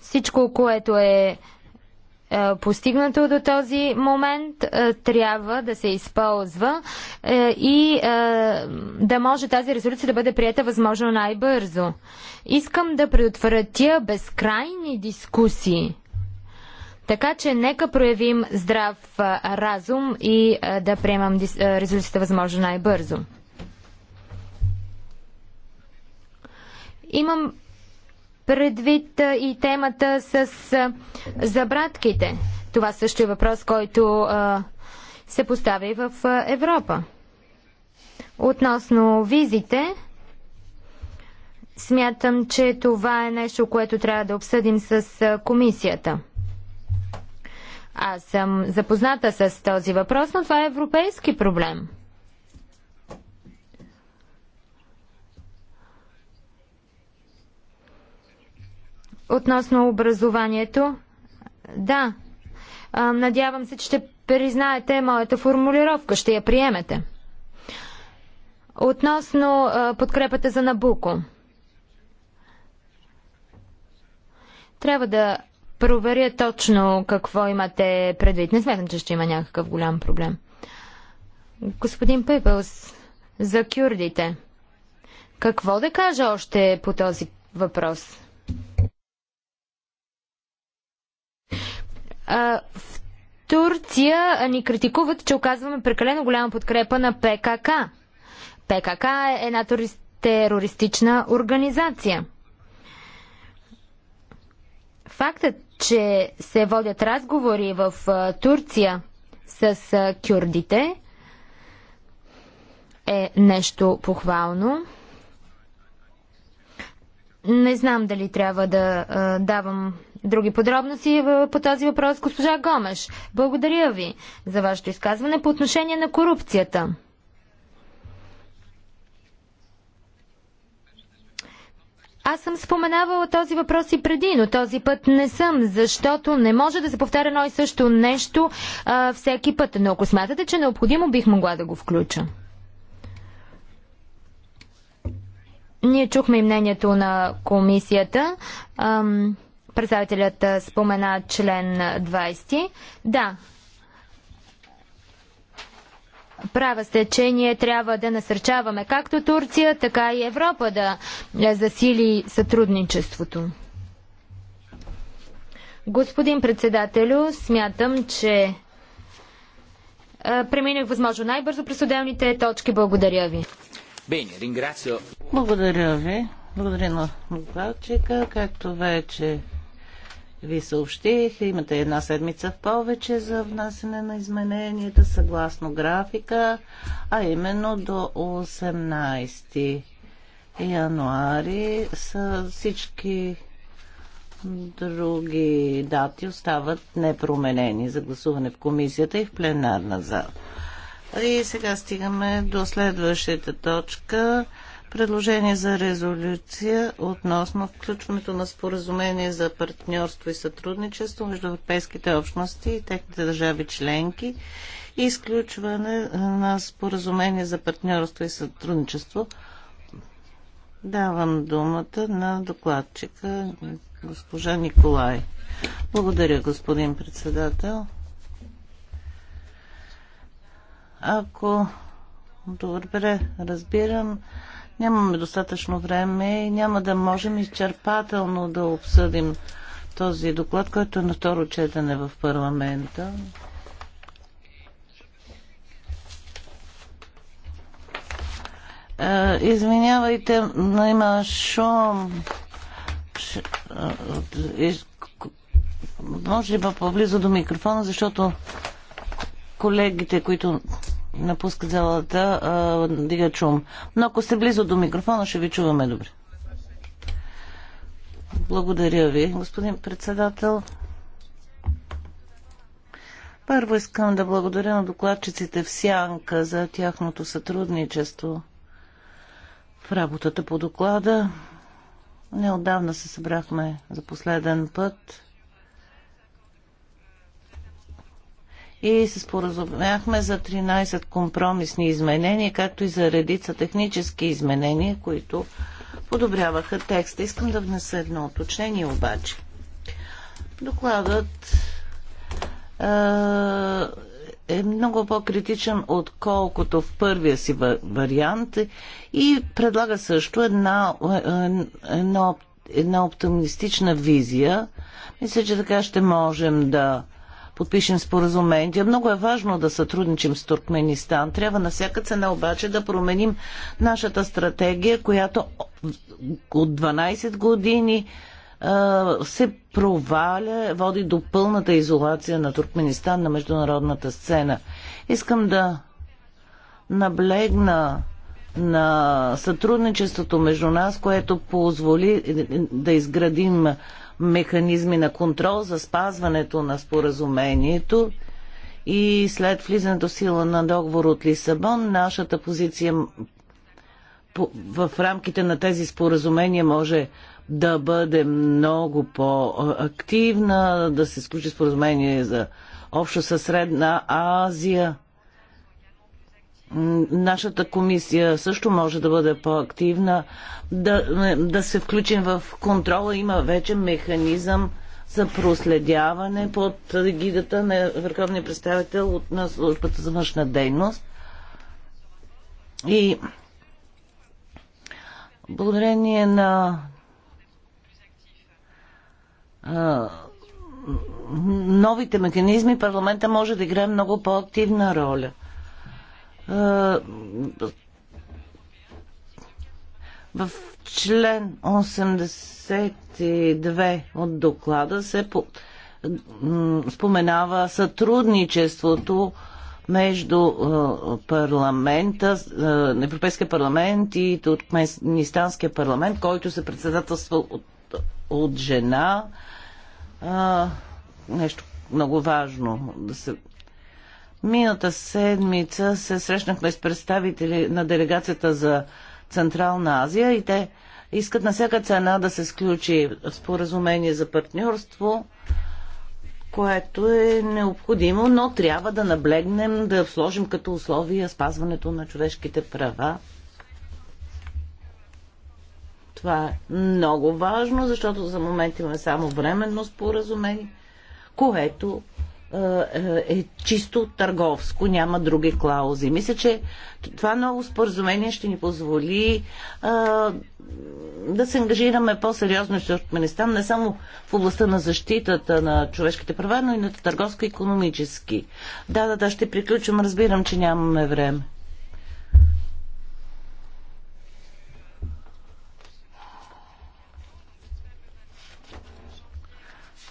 всичко, което е е, постигнато до този момент е, трябва да се използва е, и да може тази резолюция да бъде прията възможно най-бързо. Искам да предотвратя безкрайни дискусии. Така че нека проявим здрав разум и да приемам резолюцията възможно най-бързо. Имам предвид и темата с забратките. Това също е въпрос, който а, се поставя и в Европа. Относно визите, смятам, че това е нещо, което трябва да обсъдим с комисията. Аз съм запозната с този въпрос, но това е европейски проблем. Относно образованието, да, надявам се, че ще признаете моята формулировка, ще я приемете. Относно подкрепата за Набуко. Трябва да проверя точно какво имате предвид. Не смятам, че ще има някакъв голям проблем. Господин Пепелс, за кюрдите. Какво да кажа още по този въпрос? В Турция ни критикуват, че оказваме прекалено голяма подкрепа на ПКК. ПКК е една терористична организация. Фактът, че се водят разговори в Турция с кюрдите е нещо похвално. Не знам дали трябва да давам други подробности е, по този въпрос госпожа Гомеш. Благодаря ви за вашето изказване по отношение на корупцията. Аз съм споменавала този въпрос и преди, но този път не съм, защото не може да се повтаря едно и също нещо а, всеки път. Но ако смятате, че е необходимо, бих могла да го включа. Ние чухме и мнението на комисията. Ам... Представителят спомена член 20. Да, права сте, че ние трябва да насърчаваме както Турция, така и Европа да е, засили сътрудничеството. Господин председателю, смятам, че преминах възможно най-бързо през отделните точки. Благодаря ви. Благодаря ви. Благодаря на докладчика, както вече ви съобщих. Имате една седмица в повече за внасене на измененията съгласно графика, а именно до 18 януари са всички други дати остават непроменени за гласуване в комисията и в пленарна зала. И сега стигаме до следващата точка. Предложение за резолюция относно включването на споразумение за партньорство и сътрудничество между европейските общности и техните държави членки и изключване на споразумение за партньорство и сътрудничество. Давам думата на докладчика госпожа Николай. Благодаря, господин председател. Ако добре разбирам, Нямаме достатъчно време и няма да можем изчерпателно да обсъдим този доклад, който е на второ четене в парламента. Е, извинявайте, но има шум. Е, може ли по-близо до микрофона, защото колегите, които Напуска залата, да дига чум. Но ако сте близо до микрофона, ще ви чуваме добре. Благодаря ви, господин председател. Първо искам да благодаря на докладчиците в Сянка за тяхното сътрудничество в работата по доклада. Неодавна се събрахме за последен път и се споразумяхме за 13 компромисни изменения, както и за редица технически изменения, които подобряваха текста. Искам да внеса едно уточнение обаче. Докладът е много по-критичен, отколкото в първия си вариант и предлага също една, е, е, една, една оптимистична визия. Мисля, че така ще можем да подпишем споразумение. Много е важно да сътрудничим с Туркменистан. Трябва на всяка цена обаче да променим нашата стратегия, която от 12 години се проваля, води до пълната изолация на Туркменистан на международната сцена. Искам да наблегна на сътрудничеството между нас, което позволи да изградим механизми на контрол за спазването на споразумението и след влизането сила на договор от Лисабон, нашата позиция в рамките на тези споразумения може да бъде много по-активна, да се сключи споразумение за общо със Средна Азия нашата комисия също може да бъде по-активна, да, да се включим в контрола. Има вече механизъм за проследяване под гидата на върховния представител от, на службата за външна дейност. И благодарение на а, новите механизми парламента може да играе много по-активна роля в член 82 от доклада се споменава сътрудничеството между парламента, Европейския парламент и Туркменистанския парламент, който се председателства от, от жена. Нещо много важно да се Миналата седмица се срещнахме с представители на делегацията за Централна Азия и те искат на всяка цена да се сключи споразумение за партньорство, което е необходимо, но трябва да наблегнем, да сложим като условия спазването на човешките права. Това е много важно, защото за момент имаме само временно споразумение, което е, е, е чисто търговско, няма други клаузи. Мисля, че това ново споразумение ще ни позволи а, е, да се ангажираме по-сериозно с Туркменистан, не само в областта на защитата на човешките права, но и на търговско-економически. Да, да, да, ще приключвам. Разбирам, че нямаме време.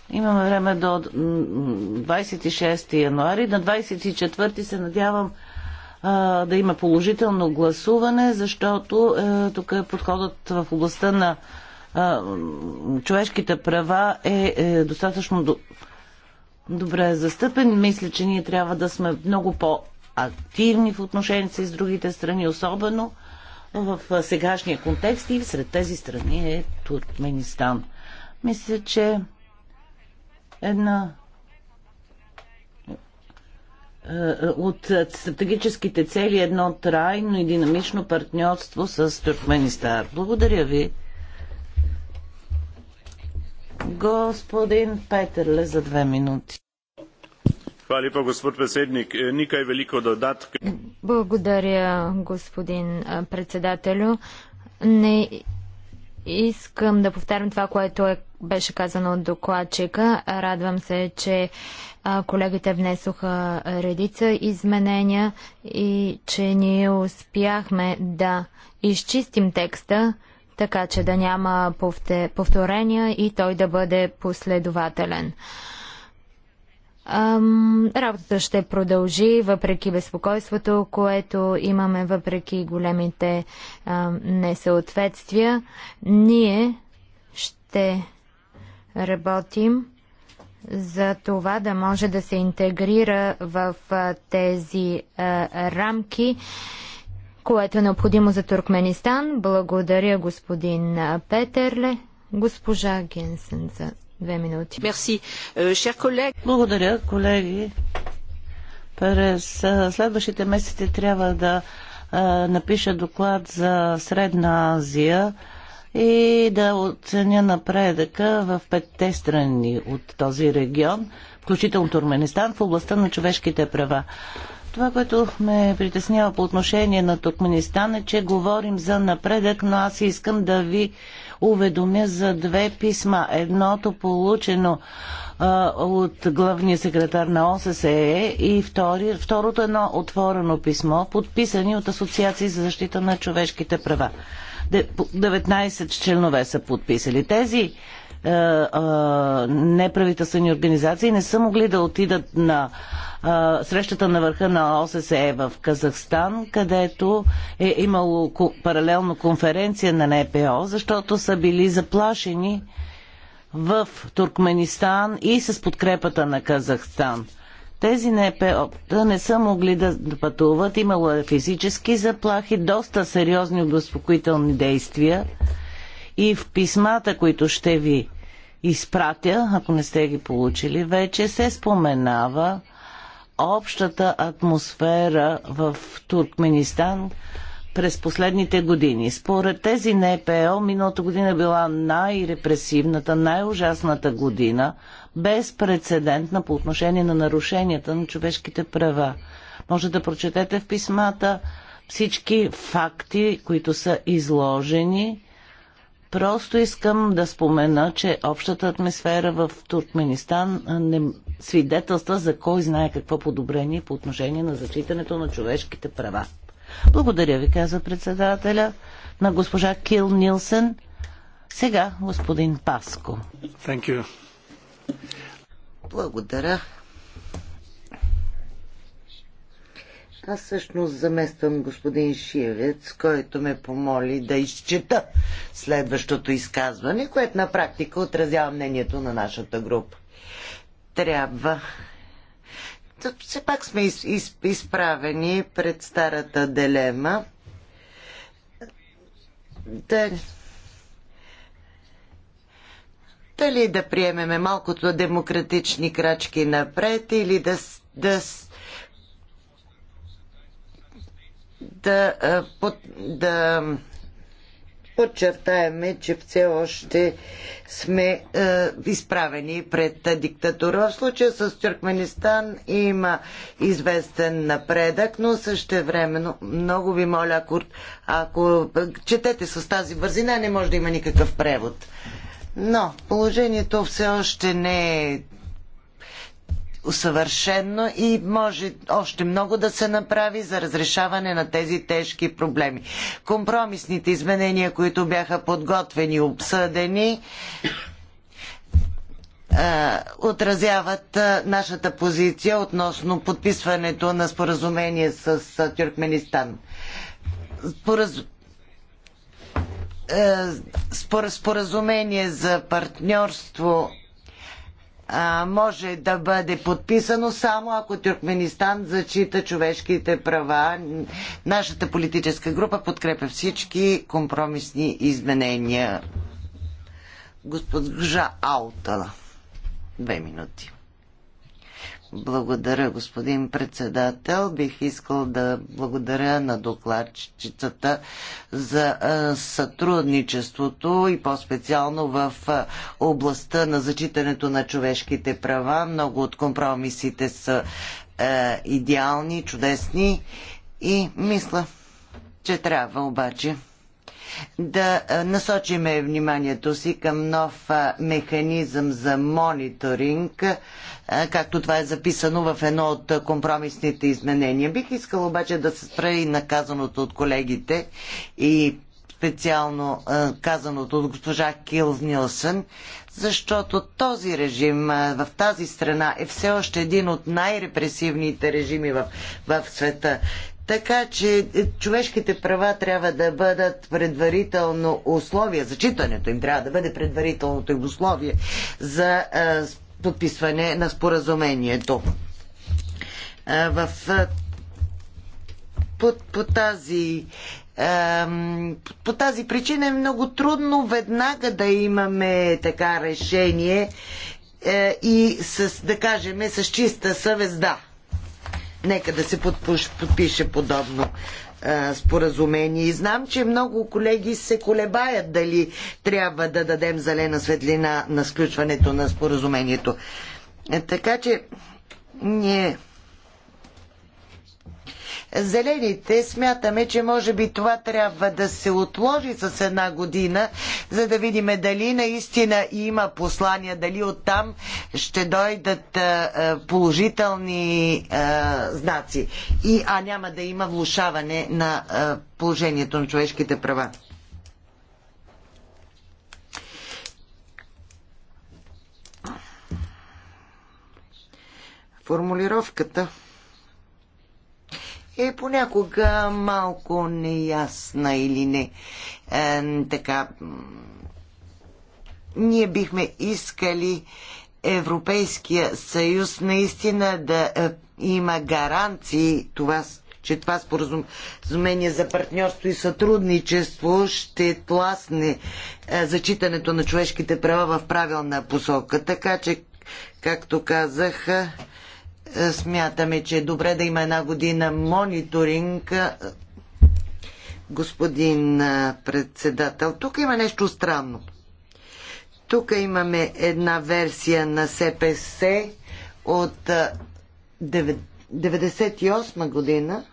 Имаме време до 26 януари. На 24 се надявам а, да има положително гласуване, защото е, тук подходът в областта на а, човешките права е, е достатъчно до... добре застъпен. Мисля, че ние трябва да сме много по-активни в отношенията с другите страни, особено в сегашния контекст и сред тези страни е Туркменистан. Мисля, че една е, е, от стратегическите цели едно трайно и динамично партньорство с Туркменистан. Благодаря ви. Господин Петерле, за две минути. Е, Благодаря, господин председателю. Не искам да повтарям това, което е беше казано от докладчика. Радвам се, че колегите внесоха редица изменения и че ние успяхме да изчистим текста, така че да няма повторения и той да бъде последователен. Работата ще продължи, въпреки безпокойството, което имаме, въпреки големите несъответствия. Ние ще Работим за това да може да се интегрира в тези рамки което е необходимо за Туркменистан. Благодаря господин Петерле. Госпожа Генсен за две минути. Мерси, е, шер колег. Благодаря, колеги. През следващите месеци трябва да напиша доклад за Средна Азия и да оценя напредъка в петте страни от този регион, включително Турменистан, в областта на човешките права. Това, което ме притеснява по отношение на Туркменистан е, че говорим за напредък, но аз искам да ви уведомя за две писма. Едното получено а, от главния секретар на ОССЕ и втори, второто едно отворено писмо, подписани от Асоциации за защита на човешките права. 19 членове са подписали. Тези е, е, неправителствени организации не са могли да отидат на е, срещата на върха на ОССЕ в Казахстан, където е имало паралелно конференция на НПО, защото са били заплашени в Туркменистан и с подкрепата на Казахстан. Тези НПО не са могли да пътуват, имало е физически заплахи, доста сериозни обезпокоителни действия и в писмата, които ще ви изпратя, ако не сте ги получили вече, се споменава общата атмосфера в Туркменистан през последните години. Според тези НПО, миналата година била най-репресивната, най-ужасната година безпредседентна по отношение на нарушенията на човешките права. Може да прочетете в писмата всички факти, които са изложени. Просто искам да спомена, че общата атмосфера в Туркменистан не свидетелства за кой знае какво подобрение по отношение на зачитането на човешките права. Благодаря ви, каза председателя на госпожа Кил Нилсен. Сега господин Паско. Thank you. Благодаря. Аз всъщност замествам господин Шиевец, който ме помоли да изчета следващото изказване, което на практика отразява мнението на нашата група. Трябва. Все пак сме из, из, изправени пред старата делема. Да, дали да приемеме малкото демократични крачки напред или да, да, да, под, да подчертаеме, че все още сме е, изправени пред диктатура. В случая с Тюркменистан има известен напредък, но също времено много ви моля, ако, ако четете с тази бързина, не може да има никакъв превод. Но положението все още не е усъвършено и може още много да се направи за разрешаване на тези тежки проблеми. Компромисните изменения, които бяха подготвени и обсъдени, отразяват нашата позиция относно подписването на споразумение с Тюркменистан. Е, споразумение за партньорство може да бъде подписано само ако Тюркменистан зачита човешките права. Нашата политическа група подкрепя всички компромисни изменения. Госпожа Аутала. Две минути. Благодаря, господин председател. Бих искал да благодаря на докладчицата за сътрудничеството и по-специално в областта на зачитането на човешките права. Много от компромисите са идеални, чудесни и мисля, че трябва обаче да насочиме вниманието си към нов механизъм за мониторинг, както това е записано в едно от компромисните изменения. Бих искала обаче да се спра и на казаното от колегите и специално казаното от госпожа Килз Нилсън, защото този режим в тази страна е все още един от най-репресивните режими в, в света. Така че е, човешките права трябва да бъдат предварително условие, зачитането им трябва да бъде предварителното им условие за е, подписване на споразумението. Е, в, по, по тази по тази причина е много трудно веднага да имаме така решение и с, да кажем с чиста съвест да нека да се подпише подобно споразумение. И знам, че много колеги се колебаят дали трябва да дадем зелена светлина на сключването на споразумението. Е, така че ние зелените смятаме, че може би това трябва да се отложи с една година, за да видим дали наистина има послания, дали оттам ще дойдат положителни знаци, и, а няма да има влушаване на положението на човешките права. Формулировката е понякога малко неясна или не. Е, така, ние бихме искали Европейския съюз наистина да е, има гаранции това, че това споразумение за партньорство и сътрудничество ще тласне е, зачитането на човешките права в правилна посока. Така че, както казах, смятаме, че е добре да има една година мониторинг. Господин председател, тук има нещо странно. Тук имаме една версия на СПС от 98 година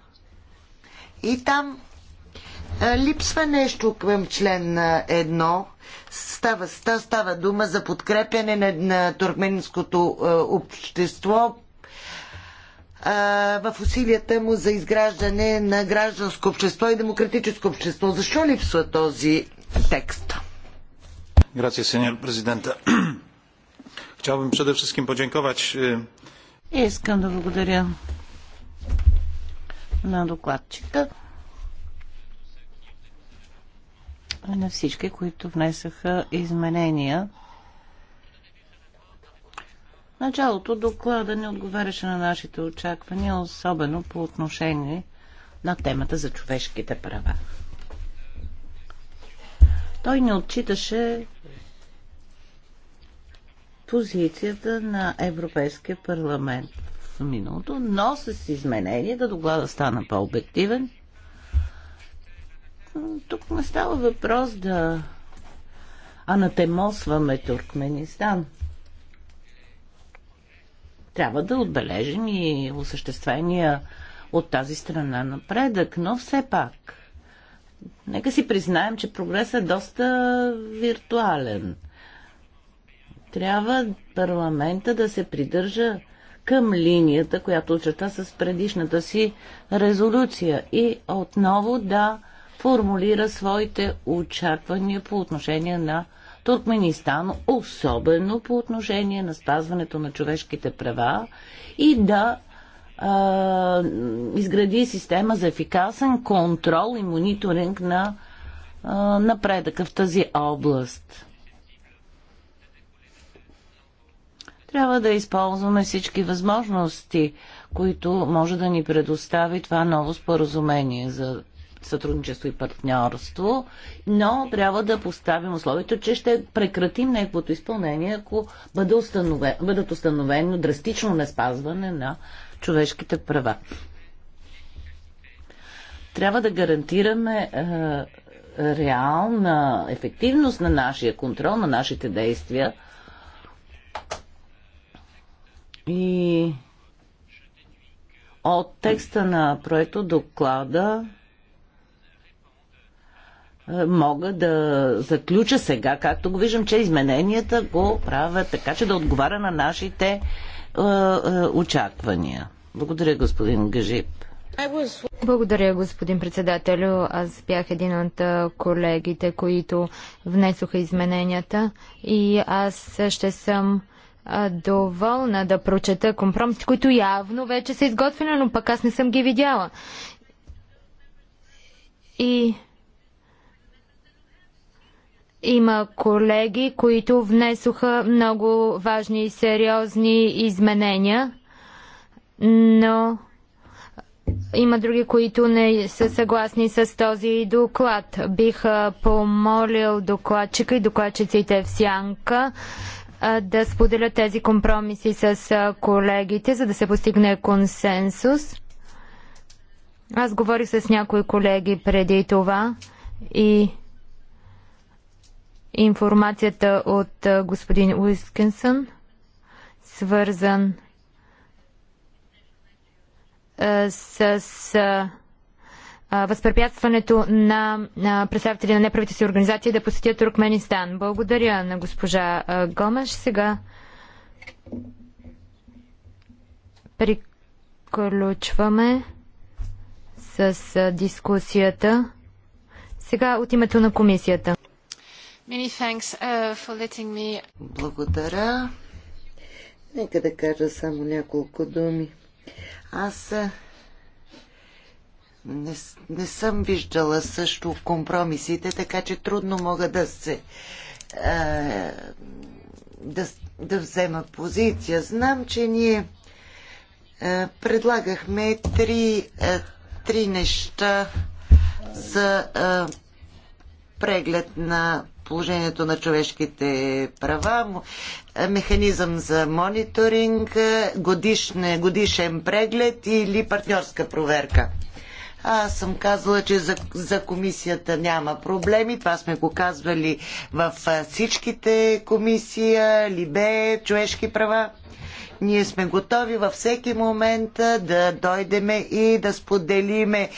и там липсва нещо към член на едно. Става, става дума за подкрепяне на, на туркменското общество в усилията му за изграждане на гражданско общество и демократическо общество. Защо липсва този текст? Grazie, senior президента. Chciałbym przede wszystkim podziękować. Е, Искам да благодаря на докладчика и на всички, които внесаха изменения началото доклада не отговаряше на нашите очаквания, особено по отношение на темата за човешките права. Той не отчиташе позицията на Европейския парламент в миналото, но с изменение да доклада стана по-обективен. Тук не става въпрос да анатемосваме Туркменистан – трябва да отбележим и осъществения от тази страна напредък, но все пак, нека си признаем, че прогресът е доста виртуален. Трябва парламента да се придържа към линията, която очерта с предишната си резолюция и отново да формулира своите очаквания по отношение на Туркменистан, особено по отношение на спазването на човешките права и да а, изгради система за ефикасен контрол и мониторинг на а, напредъка в тази област. Трябва да използваме всички възможности, които може да ни предостави това ново споразумение за сътрудничество и партньорство, но трябва да поставим условието, че ще прекратим неговото изпълнение, ако бъде установе, бъдат установено драстично неспазване на човешките права. Трябва да гарантираме е, реална ефективност на нашия контрол, на нашите действия и от текста на проекто доклада е, мога да заключа сега, както го виждам, че измененията го правят така, че да отговаря на нашите е, е, очаквания. Благодаря, господин Гажип. Благодаря, господин председателю. Аз бях един от е, колегите, които внесоха измененията и аз ще съм е, доволна да прочета компромис, които явно вече са изготвени, но пък аз не съм ги видяла. И има колеги, които внесоха много важни и сериозни изменения, но има други, които не са съгласни с този доклад. Бих помолил докладчика и докладчиците в Сянка да споделят тези компромиси с колегите, за да се постигне консенсус. Аз говорих с някои колеги преди това и информацията от господин Уискенсън, свързан с възпрепятстването на представители на неправите си организации да посетят Туркменистан. Благодаря на госпожа Гомаш. Сега приключваме с дискусията. Сега от името на комисията. Many thanks uh, for letting me... Благодаря. Нека да кажа само няколко думи. Аз не, не съм виждала също компромисите, така че трудно мога да се да, да взема позиция. Знам, че ние предлагахме три, три неща за преглед на положението на човешките права, е, механизъм за мониторинг, е, годишне, годишен преглед или партньорска проверка. Аз съм казала, че за, за комисията няма проблеми. Това сме го казвали в е, всичките комисия, Либе, човешки права. Ние сме готови във всеки момент да дойдеме и да споделиме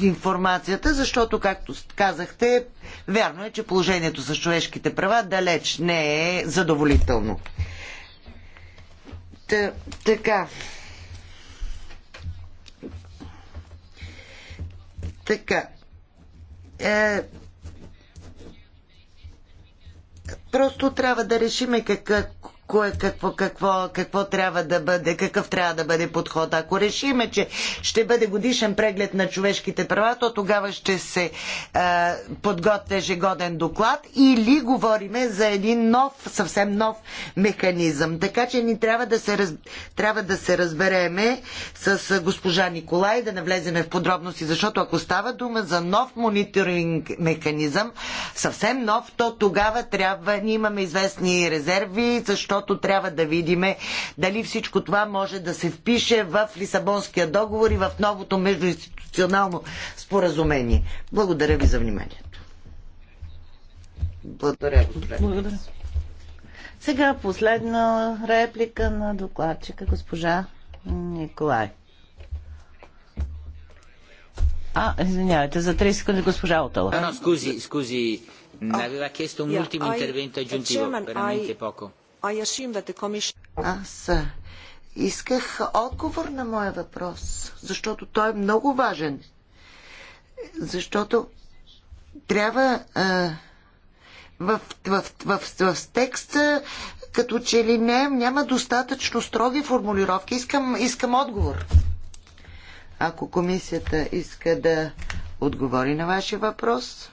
информацията, защото, както казахте, вярно е, че положението с човешките права далеч не е задоволително. така. Така. Е, просто трябва да решиме какъв, кое, какво, какво, какво трябва да бъде, какъв трябва да бъде подход. Ако решиме, че ще бъде годишен преглед на човешките права, то тогава ще се е, подготвя ежегоден доклад или говориме за един нов, съвсем нов механизъм. Така че ни трябва да се, раз... трябва да се разбереме с госпожа Николай, да навлеземе в подробности, защото ако става дума за нов мониторинг механизъм, съвсем нов, то тогава трябва, ние имаме известни резерви, защото защото трябва да видим дали всичко това може да се впише в Лисабонския договор и в новото междуинституционално споразумение. Благодаря ви за вниманието. Благодаря, Благодаря. Сега последна реплика на докладчика, госпожа Николай. А, извинявайте, за 30 секунди госпожа Отала. No, скузи, scusi, scusi, aveva chiesto un yeah, ultimo I, intervento aggiuntivo, veramente I... poco. Аз исках отговор на моя въпрос, защото той е много важен. Защото трябва а, в, в, в, в, в текста като че ли не, няма достатъчно строги формулировки. Искам, искам отговор. Ако комисията иска да отговори на вашия въпрос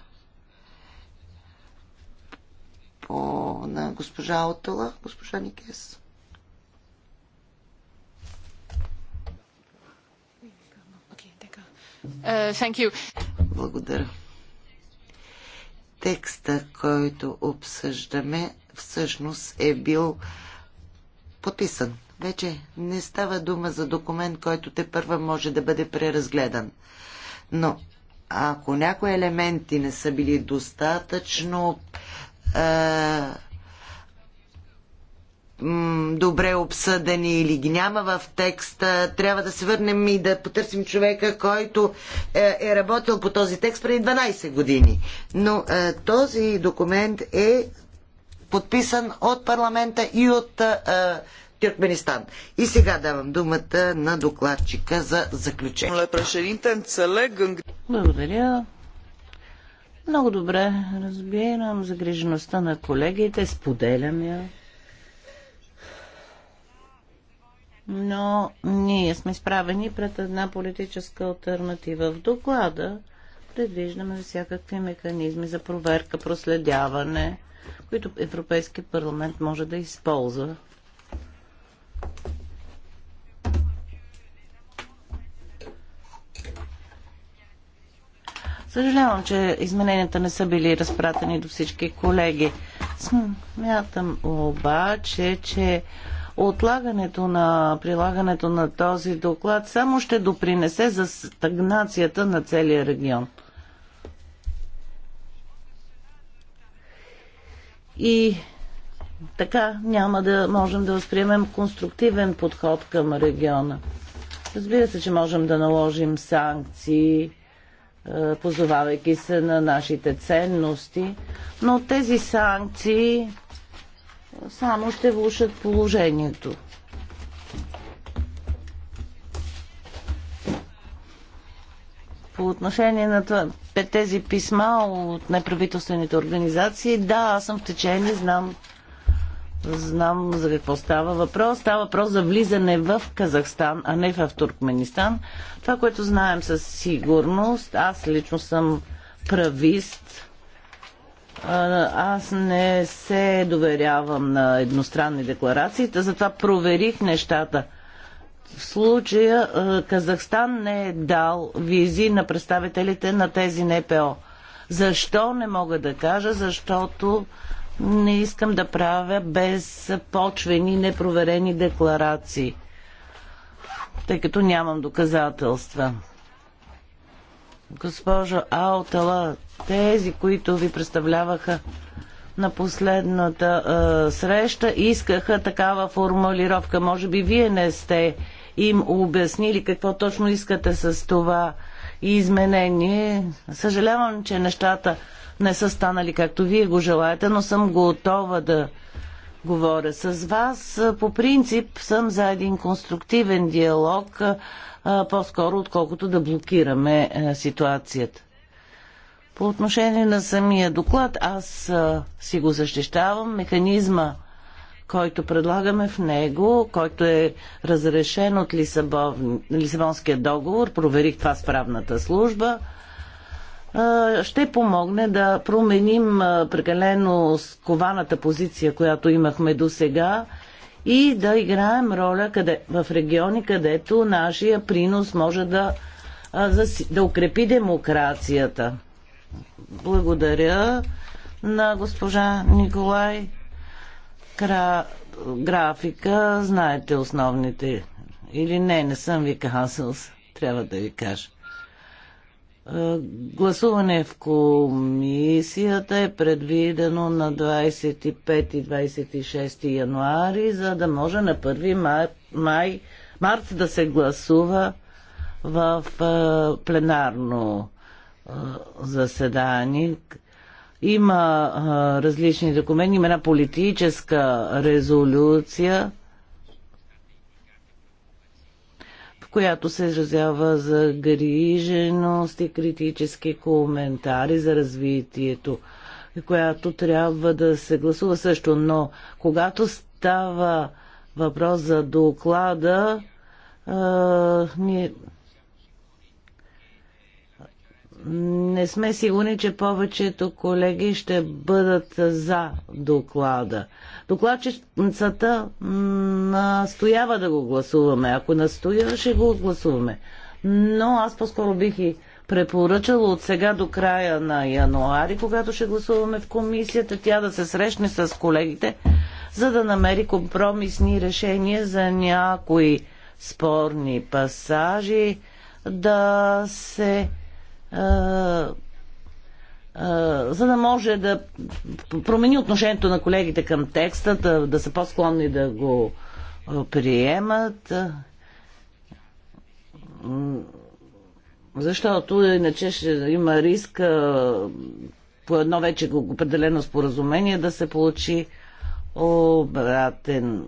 по, на госпожа Отала, госпожа Никес. Е, Благодаря. Текста, който обсъждаме, всъщност е бил подписан. Вече не става дума за документ, който те първа може да бъде преразгледан. Но ако някои елементи не са били достатъчно е, добре обсъдени или ги няма в текста. Трябва да се върнем и да потърсим човека, който е, е работил по този текст преди 12 години. Но е, този документ е подписан от парламента и от Тюркменистан. И сега давам думата на докладчика за заключение. Благодаря. Много добре разбирам загрижеността на колегите, споделям я. Но ние сме справени пред една политическа альтернатива. В доклада предвиждаме всякакви механизми за проверка, проследяване, които Европейски парламент може да използва Съжалявам, че измененията не са били разпратени до всички колеги. Смятам обаче, че отлагането на прилагането на този доклад само ще допринесе за стагнацията на целия регион. И така няма да можем да възприемем конструктивен подход към региона. Разбира се, че можем да наложим санкции, е, позовавайки се на нашите ценности, но тези санкции само ще влушат положението. По отношение на това, тези писма от неправителствените организации, да, аз съм в течение, знам Знам за какво става въпрос. Става въпрос за влизане в Казахстан, а не в Туркменистан. Това, което знаем със сигурност, аз лично съм правист. Аз не се доверявам на едностранни декларации, затова проверих нещата. В случая Казахстан не е дал визи на представителите на тези НПО. Защо не мога да кажа? Защото не искам да правя без почвени, непроверени декларации, тъй като нямам доказателства. Госпожо Аутала, тези, които ви представляваха на последната е, среща, искаха такава формулировка. Може би вие не сте им обяснили какво точно искате с това изменение. Съжалявам, че нещата не са станали както вие го желаете, но съм готова да говоря с вас. По принцип съм за един конструктивен диалог, по-скоро отколкото да блокираме е, ситуацията. По отношение на самия доклад, аз си го защищавам. Механизма, който предлагаме в него, който е разрешен от Лисабон, Лисабонския договор, проверих това с правната служба – ще помогне да променим прекалено скованата позиция, която имахме до сега и да играем роля къде, в региони, където нашия принос може да, да укрепи демокрацията. Благодаря на госпожа Николай. Кра... Графика, знаете основните. Или не, не съм ви казал. Трябва да ви кажа. Е, гласуване в комисията е предвидено на 25 и 26 януари, за да може на 1 май, май, март да се гласува в е, пленарно е, заседание. Има различни документи, има една политическа резолюция – която се изразява за гриженост и критически коментари за развитието, която трябва да се гласува също. Но когато става въпрос за доклада, а, ние не сме сигурни, че повечето колеги ще бъдат за доклада. Докладчицата настоява да го гласуваме. Ако настоя, ще го гласуваме. Но аз по-скоро бих и препоръчала от сега до края на януари, когато ще гласуваме в комисията, тя да се срещне с колегите, за да намери компромисни решения за някои спорни пасажи, да се е, за да може да промени отношението на колегите към текста, да, да са по-склонни да го приемат. Защото иначе ще има риск по едно вече определено споразумение да се получи обратен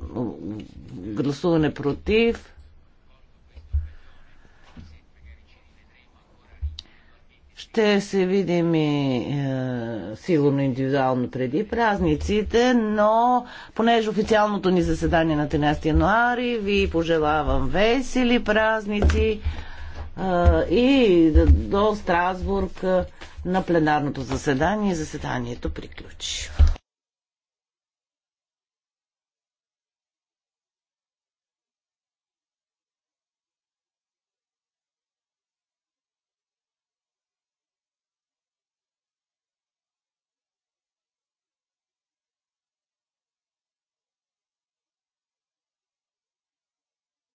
гласуване против Ще се видим и е, сигурно индивидуално преди празниците, но понеже официалното ни заседание е на 13 януари, ви пожелавам весели празници е, и до Страсбург на пленарното заседание. Заседанието приключи.